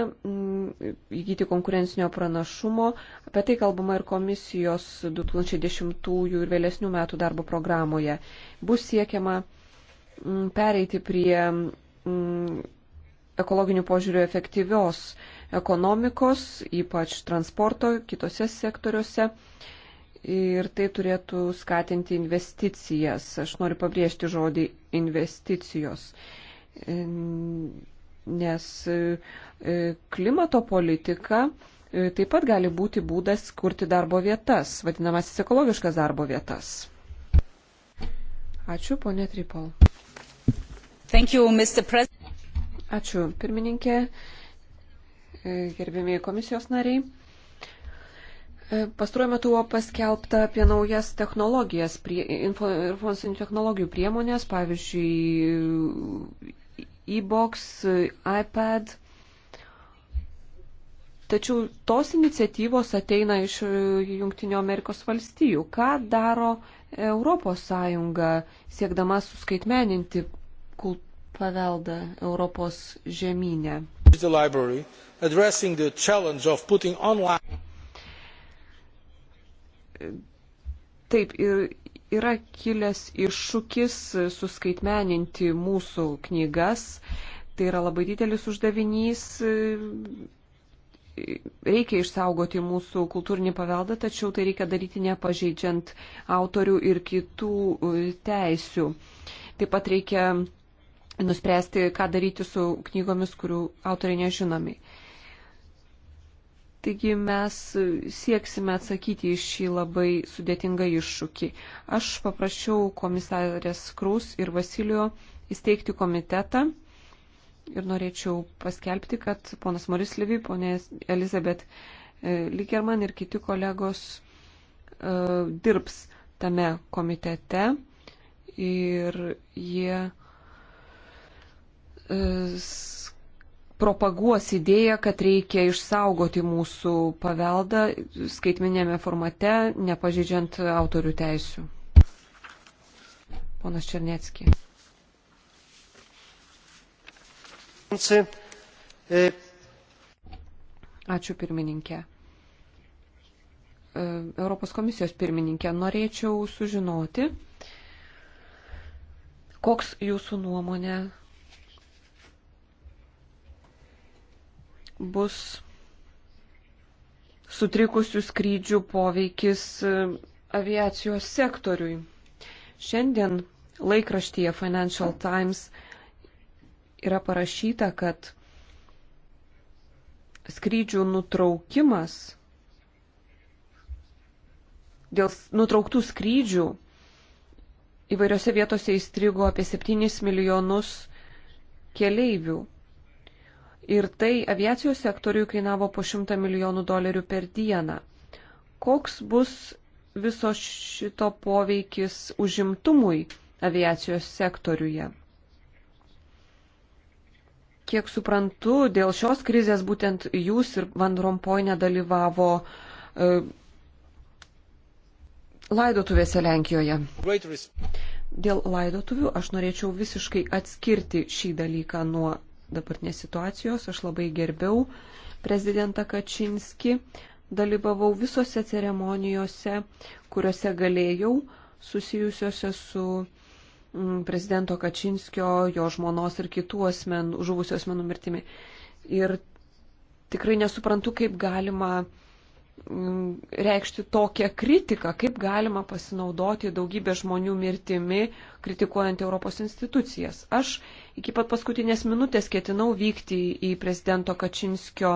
įgyti konkurencinio pranašumo. Apie tai kalbama ir komisijos 2010 ir vėlesnių metų darbo programoje. Bus siekiama pereiti prie ekologinių požiūrių efektyvios ekonomikos, ypač transporto, kitose sektoriuose ir tai turėtų skatinti investicijas. Aš noriu pabrėžti žodį investicijos, nes e, klimato politika e, taip pat gali būti būdas kurti darbo vietas, vadinamasis ekologiškas darbo vietas. Ačiū, ponė Tripol. Thank you, Ačiū, pirmininkė, e, gerbėmiai komisijos nariai. E, pastaruoju metu buvo paskelbta apie naujas technologijas, prie, info, informacinių technologijų priemonės, pavyzdžiui, e-box, e, iPad. Tačiau tos iniciatyvos ateina iš e, Junktinio Amerikos valstijų. Ką daro Europos Sąjunga, siekdama suskaitmeninti kult paveldą Europos žemynę? Taip, ir yra kilęs iššūkis suskaitmeninti mūsų knygas. Tai yra labai didelis uždavinys. Reikia išsaugoti mūsų kultūrinį paveldą, tačiau tai reikia daryti nepažeidžiant autorių ir kitų e, teisių. Taip pat reikia nuspręsti, ką daryti su knygomis, kurių autoriai nežinomi. Taigi mes sieksime atsakyti į šį labai sudėtingą iššūkį. Aš paprašiau komisarės Krus ir Vasilio įsteigti komitetą ir norėčiau paskelbti, kad ponas Moris Livy, ponė Elizabet e, Likerman ir kiti kolegos uh, dirbs tame komitete ir jie uh, propaguos idėją, kad reikia išsaugoti mūsų paveldą skaitminėme formate, nepažydžiant autorių teisių. Ponas Černiecki. Ačiū pirmininkė. E, Europos komisijos pirmininkė, norėčiau sužinoti, koks jūsų nuomonė bus sutrikusių skrydžių poveikis e, aviacijos sektoriui. Šiandien laikraštyje Financial Times yra parašyta, kad skrydžių nutraukimas dėl nutrauktų skrydžių įvairiose vietose įstrigo apie 7 milijonus keleivių. Ir tai aviacijos sektoriui kainavo po 100 milijonų dolerių per dieną. Koks bus viso šito poveikis užimtumui aviacijos sektoriuje? Kiek suprantu, dėl šios krizės būtent jūs ir Van Rompoj nedalyvavo e, laidotuvėse Lenkijoje. Dėl laidotuvių aš norėčiau visiškai atskirti šį dalyką nuo dabartinės situacijos. Aš labai gerbiau prezidentą Kačinski, dalyvavau visose ceremonijose, kuriuose galėjau, susijusiuose su mm, prezidento Kačinskio, jo žmonos ir kitų asmenų, žuvusių asmenų mirtimi. Ir tikrai nesuprantu, kaip galima uh, Mm, reikšti tokią kritiką, kaip galima pasinaudoti daugybę žmonių mirtimi, kritikuojant Europos institucijas. Aš iki pat paskutinės minutės ketinau vykti į prezidento Kačinskio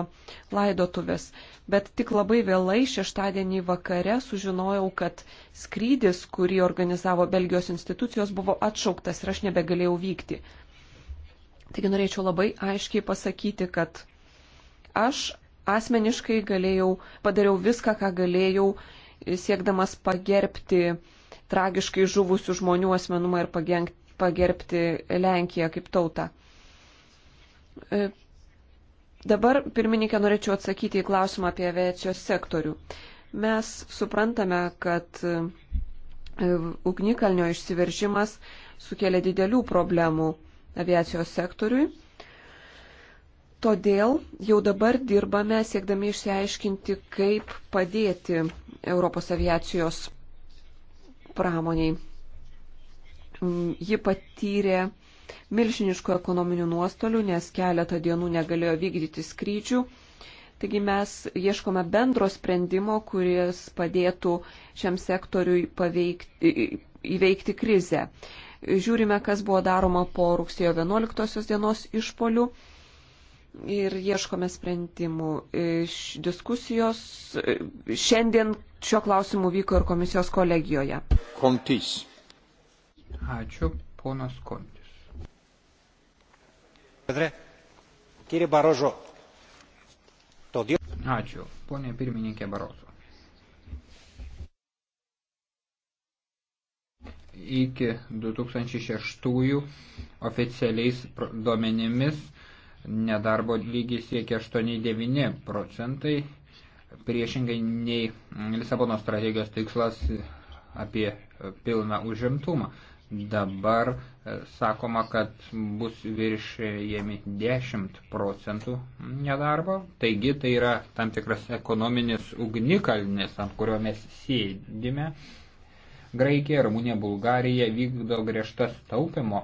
laidotuvės, bet tik labai vėlai šeštadienį vakare sužinojau, kad skrydis, kurį organizavo Belgijos institucijos, buvo atšauktas ir aš nebegalėjau vykti. Taigi norėčiau labai aiškiai pasakyti, kad aš asmeniškai galėjau, padariau viską, ką galėjau, siekdamas pagerbti tragiškai žuvusių žmonių asmenumą ir pagerbti Lenkiją kaip tautą. E, dabar, pirmininkė, norėčiau atsakyti į klausimą apie aviacijos sektorių. Mes suprantame, kad e, ugnikalnio išsiveržimas sukelia didelių problemų aviacijos sektoriui Todėl jau dabar dirbame siekdami išsiaiškinti, kaip padėti Europos aviacijos pramoniai. Ji patyrė milžiniškų ekonominių nuostolių, nes keletą dienų negalėjo vykdyti skrydžių. Taigi mes ieškome bendro sprendimo, kuris padėtų šiam sektoriui paveikti, įveikti krizę. Žiūrime, kas buvo daroma po rugsėjo 11 dienos išpolių ir ieškome sprendimų. Iš diskusijos šiandien šio klausimu vyko ir komisijos kolegijoje. Kontys. Ačiū, ponas Kontis. Ačiū, ponė pirmininkė Barozo. Iki 2006 oficialiais duomenimis nedarbo lygis siekia 8-9 procentai, priešingai nei Lisabono strategijos tikslas apie pilną užimtumą. Dabar e, sakoma, kad bus viršėjami 10 procentų nedarbo, taigi tai yra tam tikras ekonominis ugnikalnis, ant kurio mes sėdime. Graikija, Rumunija, Bulgarija vykdo griežtas taupimo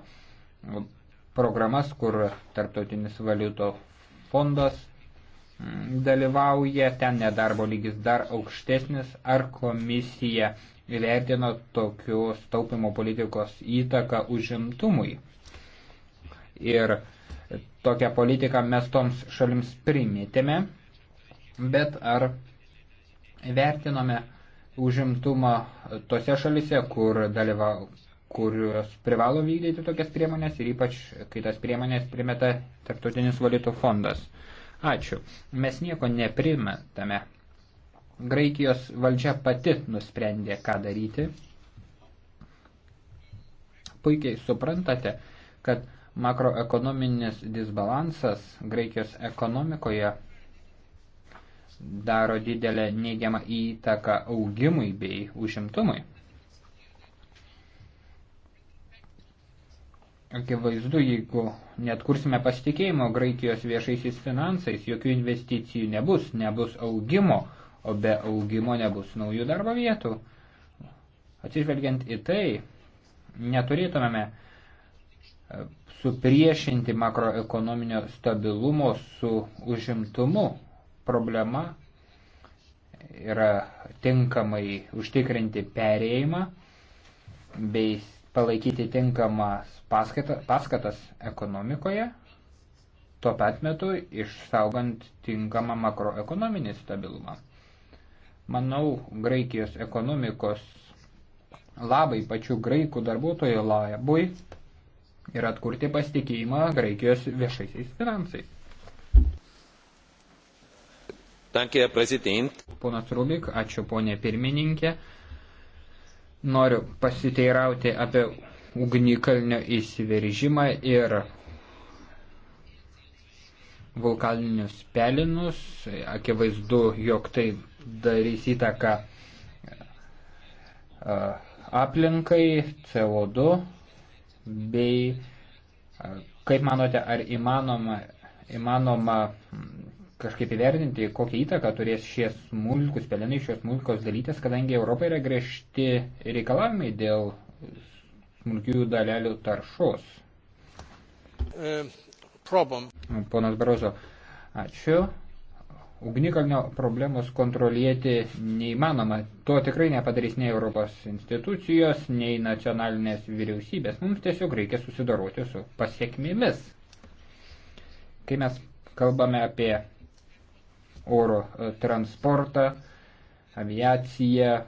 programas, kur tarptautinis valiuto fondas mm, dalyvauja, ten nedarbo lygis dar aukštesnis, ar komisija įvertino tokios taupimo politikos įtaką užimtumui. Ir tokią politiką mes toms šalims primėtėme, bet ar vertinome užimtumą tose šalise, kur dalyvau kurios privalo vykdyti tokias priemonės ir ypač, kai tas priemonės primeta Tarptautinis valiutų fondas. Ačiū. Mes nieko neprimetame. Graikijos valdžia pati nusprendė, ką daryti. Puikiai suprantate, kad makroekonominis disbalansas Graikijos ekonomikoje daro didelę neigiamą įtaką augimui bei užimtumui. Akivaizdu, jeigu net kursime pasitikėjimo Graikijos viešaisiais finansais, jokių investicijų nebus, nebus augimo, o be augimo nebus naujų darbo vietų. Atsižvelgiant į tai, neturėtumėme e, supriešinti makroekonominio stabilumo su užimtumu. Problema yra tinkamai užtikrinti perėjimą bei palaikyti tinkamas paskatas ekonomikoje, tuo pat metu išsaugant tinkamą makroekonominį stabilumą. Manau, Graikijos ekonomikos labai pačių graikų darbuotojų labui ir atkurti pasitikėjimą Graikijos viešaisiais finansais. Danke, Herr Präsident. Ponas Rubik, ačiū ponė pirmininkė. Noriu pasiteirauti apie ugnikalnio įsiveržimą ir vulkaninius pelinus. Akivaizdu, jog tai darys įtaką aplinkai, CO2 bei kaip manote, ar įmanoma, įmanoma kažkaip įvertinti, kokią įtaką turės šie smulkus pelenai, šios smulkos dalytės, kadangi Europoje yra griežti reikalavimai dėl smulkių dalelių taršos. E, problem. Ponas Barozo, ačiū. Ugnikalnio problemos kontroliuoti neįmanoma. To tikrai nepadarys nei Europos institucijos, nei nacionalinės vyriausybės. Mums tiesiog reikia susidoroti su pasiekmėmis. Kai mes kalbame apie oro e, transportą, aviaciją.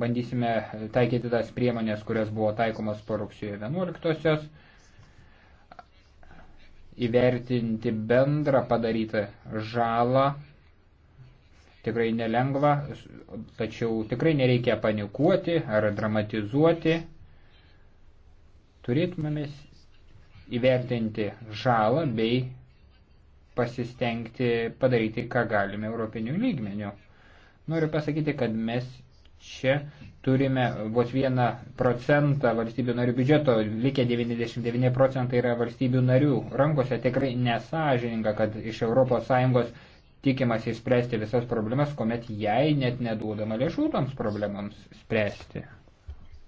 Bandysime taikyti tas priemonės, kurios buvo taikomas po rugsėjo 11-osios, įvertinti bendrą padarytą žalą. Tikrai nelengva, tačiau tikrai nereikia panikuoti ar dramatizuoti. Turėtumėmės įvertinti žalą bei pasistengti padaryti, ką galime europinių lygmenių. Noriu pasakyti, kad mes čia turime vos vieną procentą valstybių narių biudžeto, likę 99 procentai yra valstybių narių rankose. Tikrai nesažininga, kad iš ES tikimas įspręsti visas problemas, kuomet jai net neduodama lėšų toms problemams spręsti.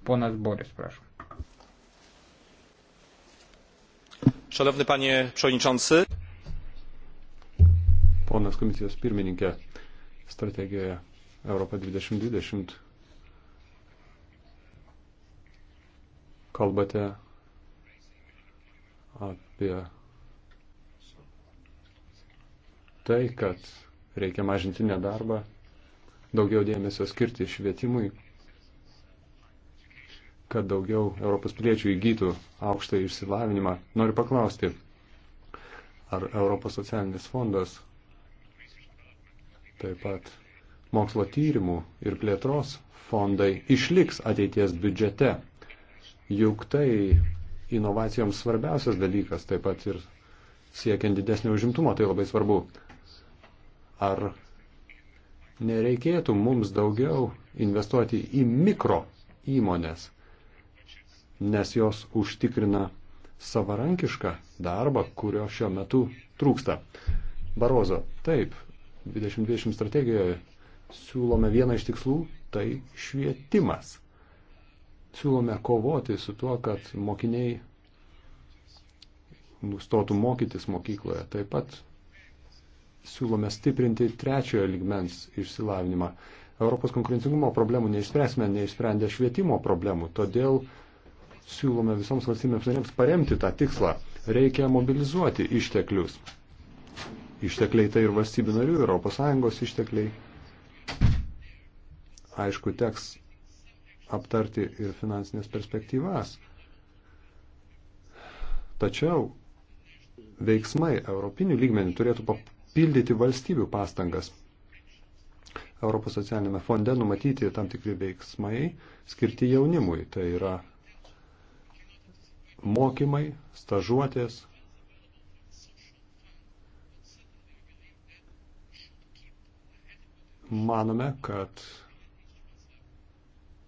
Ponas Boris, prašau. Szanowny panie przewodniczący ponas komisijos pirmininkė, strategijoje Europa 2020 kalbate apie tai, kad reikia mažinti nedarbą, daugiau dėmesio skirti švietimui, kad daugiau Europos piliečių įgytų aukštą išsilavinimą. Noriu paklausti, ar Europos socialinis fondas Taip pat mokslo tyrimų ir plėtros fondai išliks ateities biudžete. Juk tai inovacijoms svarbiausias dalykas, taip pat ir siekiant didesnio užimtumo, tai labai svarbu. Ar nereikėtų mums daugiau investuoti į mikro įmonės, nes jos užtikrina savarankišką darbą, kurio šiuo metu trūksta. Barozo, taip, 2020 strategijoje siūlome vieną iš tikslų - tai švietimas. Siūlome kovoti su tuo, kad mokiniai nustotų mokytis mokykloje. Taip pat siūlome stiprinti trečiojo ligmens išsilavinimą. Europos konkurencingumo problemų neišspręsime, neišsprendę švietimo problemų. Todėl siūlome visoms valstybėms narėms paremti tą tikslą. Reikia mobilizuoti išteklius ištekliai tai ir valstybių narių, ES ištekliai. Aišku, teks aptarti ir finansinės perspektyvas. Tačiau veiksmai europinių lygmenių turėtų papildyti valstybių pastangas. Europos socialinėme fonde numatyti tam tikri veiksmai skirti jaunimui. Tai yra mokymai, stažuotės, manome, kad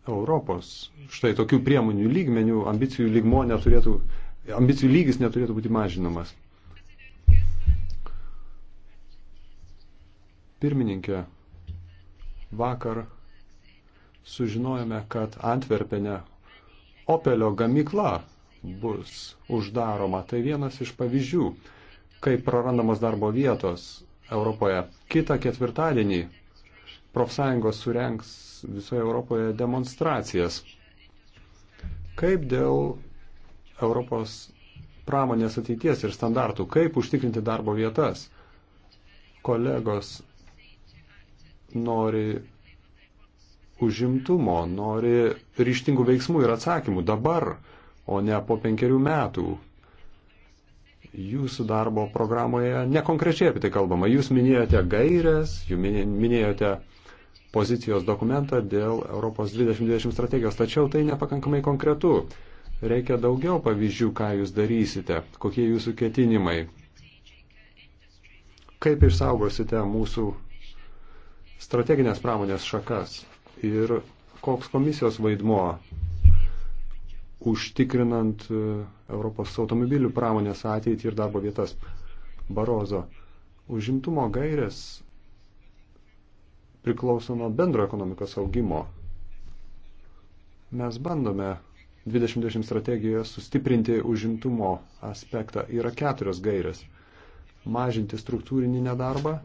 Europos štai tokių priemonių lygmenių ambicijų lygmo neturėtų, ambicijų lygis neturėtų būti mažinamas. Pirmininkė, vakar sužinojome, kad Antverpene Opelio gamykla bus uždaroma. Tai vienas iš pavyzdžių, kaip prarandamos darbo vietos Europoje. Kita ketvirtadienį profsąjungos surenks visoje Europoje demonstracijas. Kaip dėl Europos pramonės ateities ir standartų, kaip užtikrinti darbo vietas. Kolegos nori užimtumo, nori ryštingų veiksmų ir atsakymų dabar, o ne po penkerių metų. Jūsų darbo programoje nekonkrečiai apie tai kalbama. Jūs minėjote gairias, jūs minėjote pozicijos dokumentą dėl Europos 2020 strategijos, tačiau tai nepakankamai konkretu. Reikia daugiau pavyzdžių, ką jūs darysite, kokie jūsų ketinimai, kaip išsaugosite mūsų strateginės pramonės šakas ir koks komisijos vaidmuo užtikrinant e, Europos automobilių pramonės ateitį ir darbo vietas. Barozo užimtumo gairės priklauso nuo bendro ekonomikos augimo. Mes bandome 2020 strategijoje sustiprinti užimtumo aspektą. Yra keturios gairės. Mažinti struktūrinį nedarbą,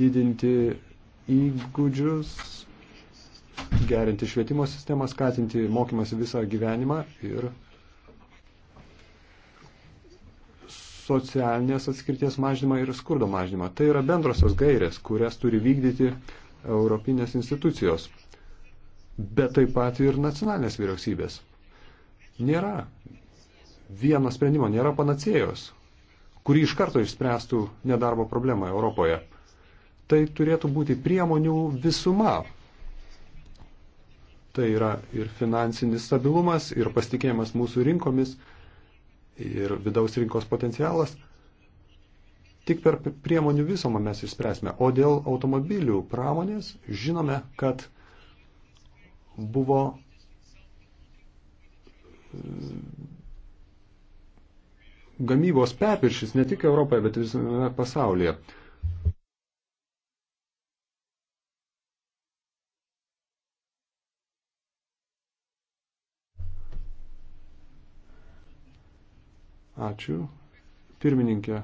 didinti įgūdžius, gerinti švietimo sistemą, skatinti mokymasi visą gyvenimą ir socialinės atskirties mažinimą ir skurdo mažinimą. Tai yra bendrosios gairės, kurias turi vykdyti europinės institucijos, bet taip pat ir nacionalinės vyriausybės. Nėra vieno sprendimo, nėra panacėjos, kuri iš karto išspręstų nedarbo problemą Europoje. Tai turėtų būti priemonių visuma. Tai yra ir finansinis stabilumas, ir pasitikėjimas mūsų rinkomis, ir vidaus rinkos potencialas, tik per priemonių visumą mes išspręsime. O dėl automobilių pramonės žinome, kad buvo e, gamybos perviršis ne tik Europoje, bet ir visame pasaulyje. Ačiū. Pirmininkė.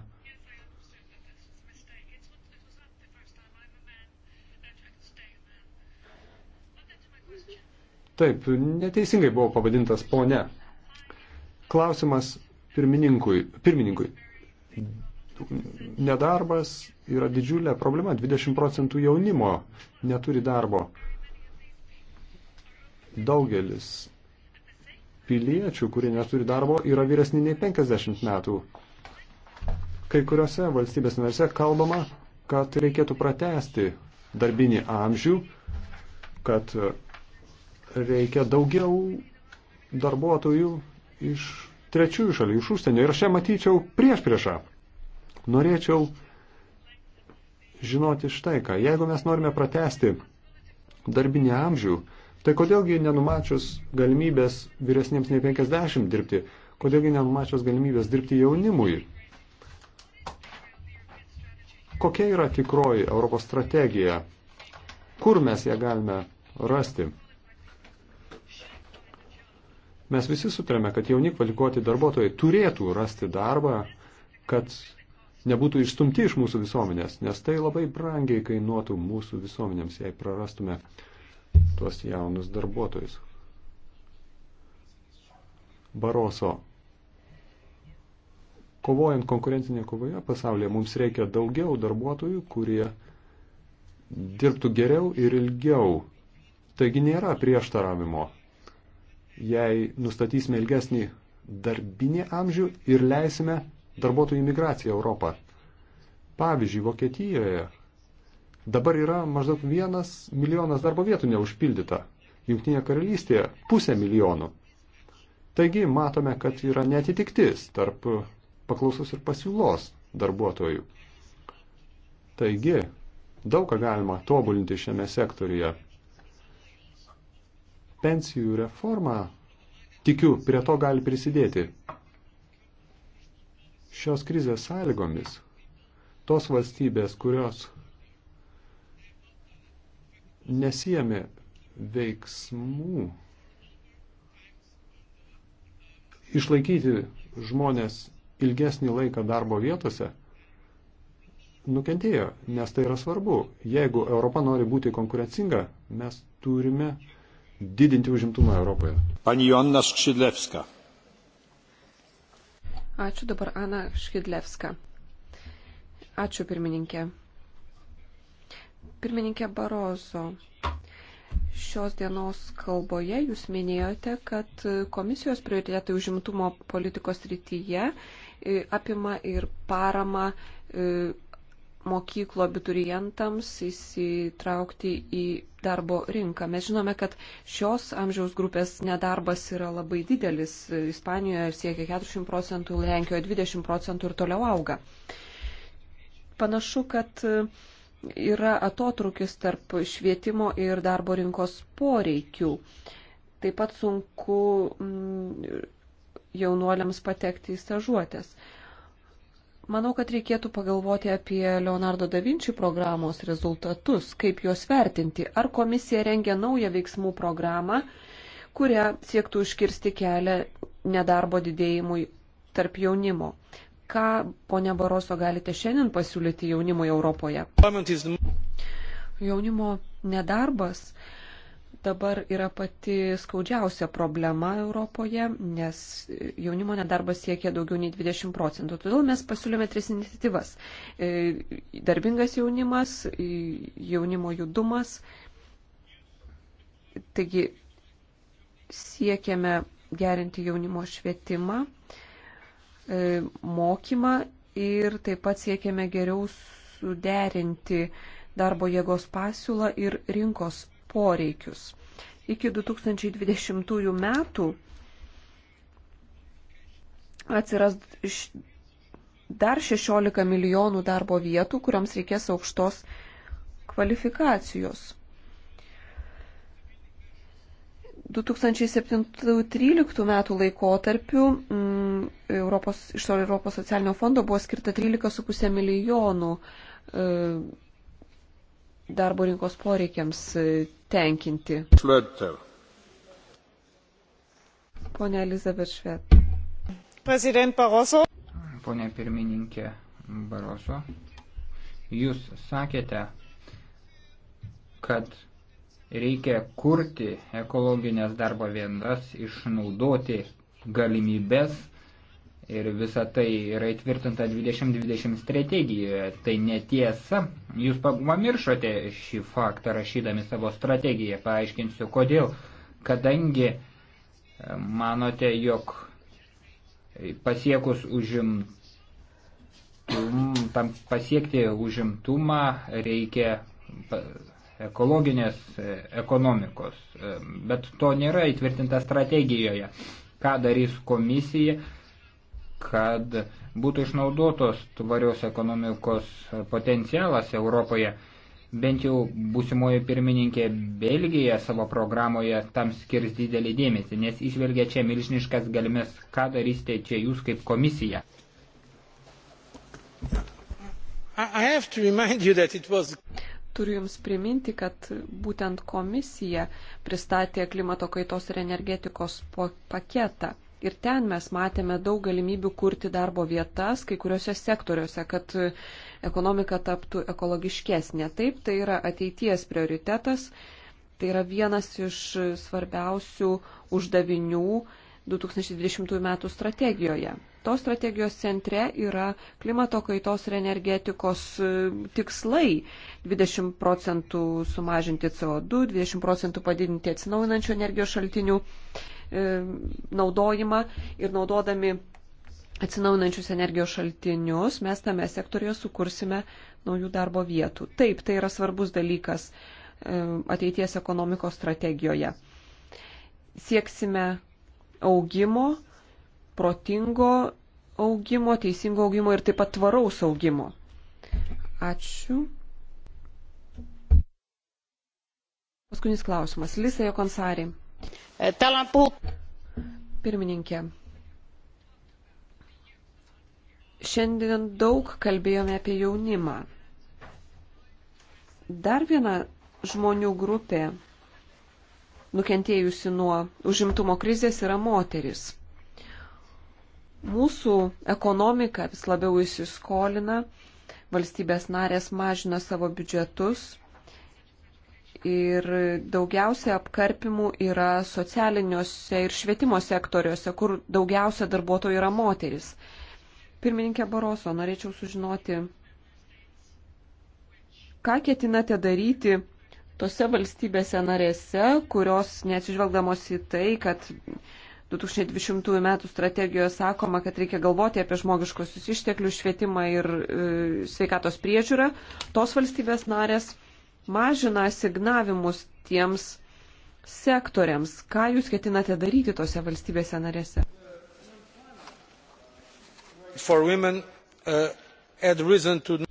Taip, neteisingai buvo pavadintas ponė. Klausimas pirmininkui. pirmininkui. Nedarbas yra didžiulė problema. 20 procentų jaunimo neturi darbo. Daugelis piliečių, kurie neturi darbo, yra vyresni nei 50 metų. Kai kuriuose valstybės narse kalbama, kad reikėtų pratesti darbinį amžių, kad reikia daugiau darbuotojų iš trečiųjų šalių, iš užsienio. Ir aš čia matyčiau prieš priešą. Norėčiau žinoti štai ką. Jeigu mes norime pratesti darbinį amžių, Tai kodėlgi nenumačius galimybės vyresniems nei 50 dirbti, kodėlgi nenumačius galimybės dirbti jaunimui? Kokia yra tikroji Europos strategija? Kur mes ją galime rasti? Mes visi sutarėme, kad jauni kvalifikuoti darbuotojai turėtų rasti darbą, kad nebūtų išstumti iš mūsų visuomenės, nes tai labai brangiai kainuotų mūsų visuomenėms, jei prarastume tuos jaunus darbuotojus. Baroso. Kovojant konkurencinėje kovoje pasaulyje mums reikia daugiau darbuotojų, kurie dirbtų geriau ir ilgiau. Taigi nėra prieštaravimo. Jei nustatysime ilgesnį darbinį amžių ir leisime darbuotojų imigraciją Europą. Pavyzdžiui, Vokietijoje Dabar yra maždaug vienas milijonas darbo vietų neužpildyta. Junktinėje karalystėje pusė milijonų. Taigi matome, kad yra netitiktis tarp paklausos ir pasiūlos darbuotojų. Taigi, daug ką galima tobulinti šiame sektoriuje. Pensijų reforma, tikiu, prie to gali prisidėti. Šios krizės sąlygomis tos valstybės, kurios nesijėmė veiksmų išlaikyti žmonės ilgesnį laiką darbo vietose, nukentėjo, nes tai yra svarbu. Jeigu Europa nori būti konkurencinga, mes turime didinti užimtumą Europoje. Pani Joanna Škidlevska. Ačiū dabar Ana Škidlevska. Ačiū pirmininkė. Pirmininkė Barozo, šios dienos kalboje jūs minėjote, kad komisijos prioritetai užimtumo politikos rytyje e, apima ir parama e, mokyklo abiturientams įsitraukti į darbo rinką. Mes žinome, kad šios amžiaus grupės nedarbas yra labai didelis. Ispanijoje siekia 40 procentų, Lenkijoje 20 procentų ir toliau auga. Panašu, kad uh, yra atotrukis tarp švietimo ir darbo rinkos poreikių. Taip pat sunku mm, jaunuoliams patekti į stažuotės. Manau, kad reikėtų pagalvoti apie Leonardo da Vinci programos rezultatus, kaip juos vertinti. Ar komisija rengia naują veiksmų programą, kuria siektų užkirsti kelią nedarbo didėjimui tarp jaunimo ką, ponia Baroso, galite šiandien pasiūlyti jaunimui Europoje? Jaunimo nedarbas dabar yra pati skaudžiausia problema Europoje, nes jaunimo nedarbas siekia daugiau nei 20 procentų. Todėl mes pasiūlėme tris iniciatyvas. E, darbingas jaunimas, e, jaunimo judumas. Taigi siekiame gerinti jaunimo švietimą. E, mokymą ir taip pat siekiame geriau suderinti darbo jėgos pasiūlą ir rinkos poreikius. Iki 2020 metų atsiras dar 16 milijonų darbo vietų, kuriams reikės aukštos kvalifikacijos. 2007-2013 metų laikotarpiu mm, Europos, iš Europos socialinio fondo buvo skirta 13,5 milijonų e, darbo rinkos poreikiams e, tenkinti. Šletter. Pone Elizabeth Švet. Prezident Baroso. Pone pirmininkė Baroso, jūs sakėte, kad Reikia kurti ekologinės darbo vietas, išnaudoti galimybės ir visa tai yra įtvirtinta 2020 strategijoje. Tai netiesa. Jūs pamiršote šį faktą rašydami savo strategiją. Paaiškinsiu kodėl. Kadangi e, manote, jog pasiekus užim, tam pasiekti užimtumą reikia ekologinės e, ekonomikos, e, bet to nėra įtvirtinta strategijoje. Ką darys komisija, kad būtų išnaudotos tvarios ekonomikos potencialas Europoje. Bent jau būsimoji pirmininkė Belgija savo programoje tam skirs didelį dėmesį, nes išvelgia čia milžiniškas galimės, ką darysite čia jūs kaip komisija. I have to remind you that it was Turiu Jums priminti, kad būtent komisija pristatė klimato kaitos ir energetikos paketą. Ir ten mes matėme daug galimybių kurti darbo vietas kai kuriuose sektoriuose, kad ekonomika taptų ekologiškesnė. Taip, tai yra ateities prioritetas. Tai yra vienas iš svarbiausių uždavinių 2020 m. strategijoje. Tos strategijos centre yra klimato kaitos ir energetikos e, tikslai - 20 procentų sumažinti CO2, 20 procentų padidinti atsinaujinančių energijos šaltinių e, naudojimą ir naudodami atsinaujinančius energijos šaltinius, mes tame sektorijoje sukursime naujų darbo vietų. Taip, tai yra svarbus dalykas e, ateities ekonomikos strategijoje. Sieksime augimo, protingo augimo, teisingo augimo ir taip pat tvaraus augimo. Ačiū. Paskutinis klausimas. Lisa Jokonsari. E, Talampų. Pirmininkė. Šiandien daug kalbėjome apie jaunimą. Dar viena žmonių grupė nukentėjusi nuo užimtumo krizės yra moteris. Mūsų ekonomika vis labiau įsiskolina, valstybės narės mažina savo biudžetus ir daugiausia apkarpimų yra socialiniuose ir švietimo sektoriuose, kur daugiausia darbuotojų yra moteris. Pirmininkė Baroso, norėčiau sužinoti, ką ketinate daryti tose valstybėse narėse, kurios neatsižvelgdamos į tai, kad 2020 m. strategijoje sakoma, kad reikia galvoti apie žmogiškosius išteklius, švietimą ir e, sveikatos priežiūrą, tos valstybės narės mažina asignavimus tiems sektoriams. Ką jūs ketinate daryti tose valstybėse narėse? For women, uh, to...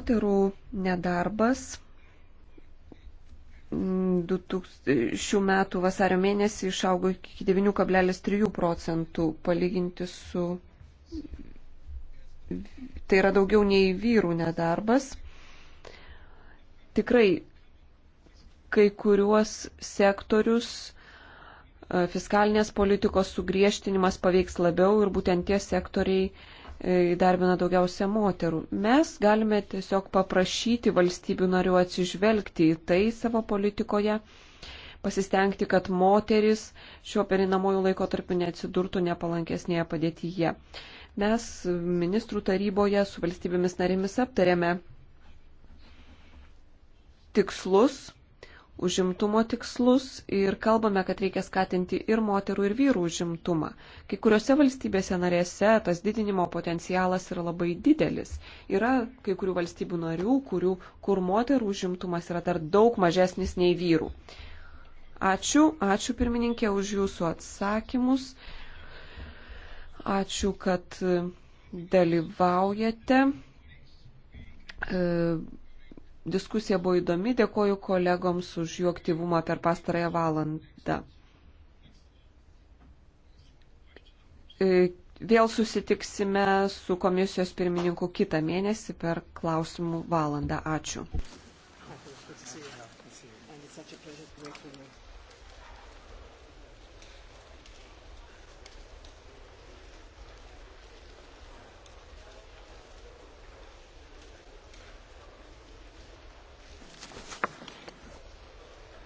Moterų nedarbas šių metų vasario mėnesį išaugo iki 9,3 procentų palyginti su. Tai yra daugiau nei vyrų nedarbas. Tikrai kai kuriuos sektorius e, fiskalinės politikos sugriežtinimas paveiks labiau ir būtent tie sektoriai E, įdarbina daugiausia moterų. Mes galime tiesiog paprašyti valstybių narių atsižvelgti į tai savo politikoje, pasistengti, kad moteris šiuo perinamojų laiko tarp neatsidurtų nepalankesnėje padėtyje. Mes ministrų taryboje su valstybėmis narėmis aptarėme tikslus užimtumo tikslus ir kalbame, kad reikia skatinti ir moterų, ir vyrų užimtumą. Kai kuriuose valstybėse narėse tas didinimo potencialas yra labai didelis. Yra kai kurių valstybių narių, kurių, kur moterų užimtumas yra dar daug mažesnis nei vyrų. Ačiū, ačiū pirmininkė už jūsų atsakymus. Ačiū, kad dalyvaujate. E, diskusija buvo įdomi, dėkoju kolegoms už jų aktyvumą per pastarąją valandą. E, vėl susitiksime su komisijos pirmininku kitą mėnesį per klausimų valandą. Ačiū.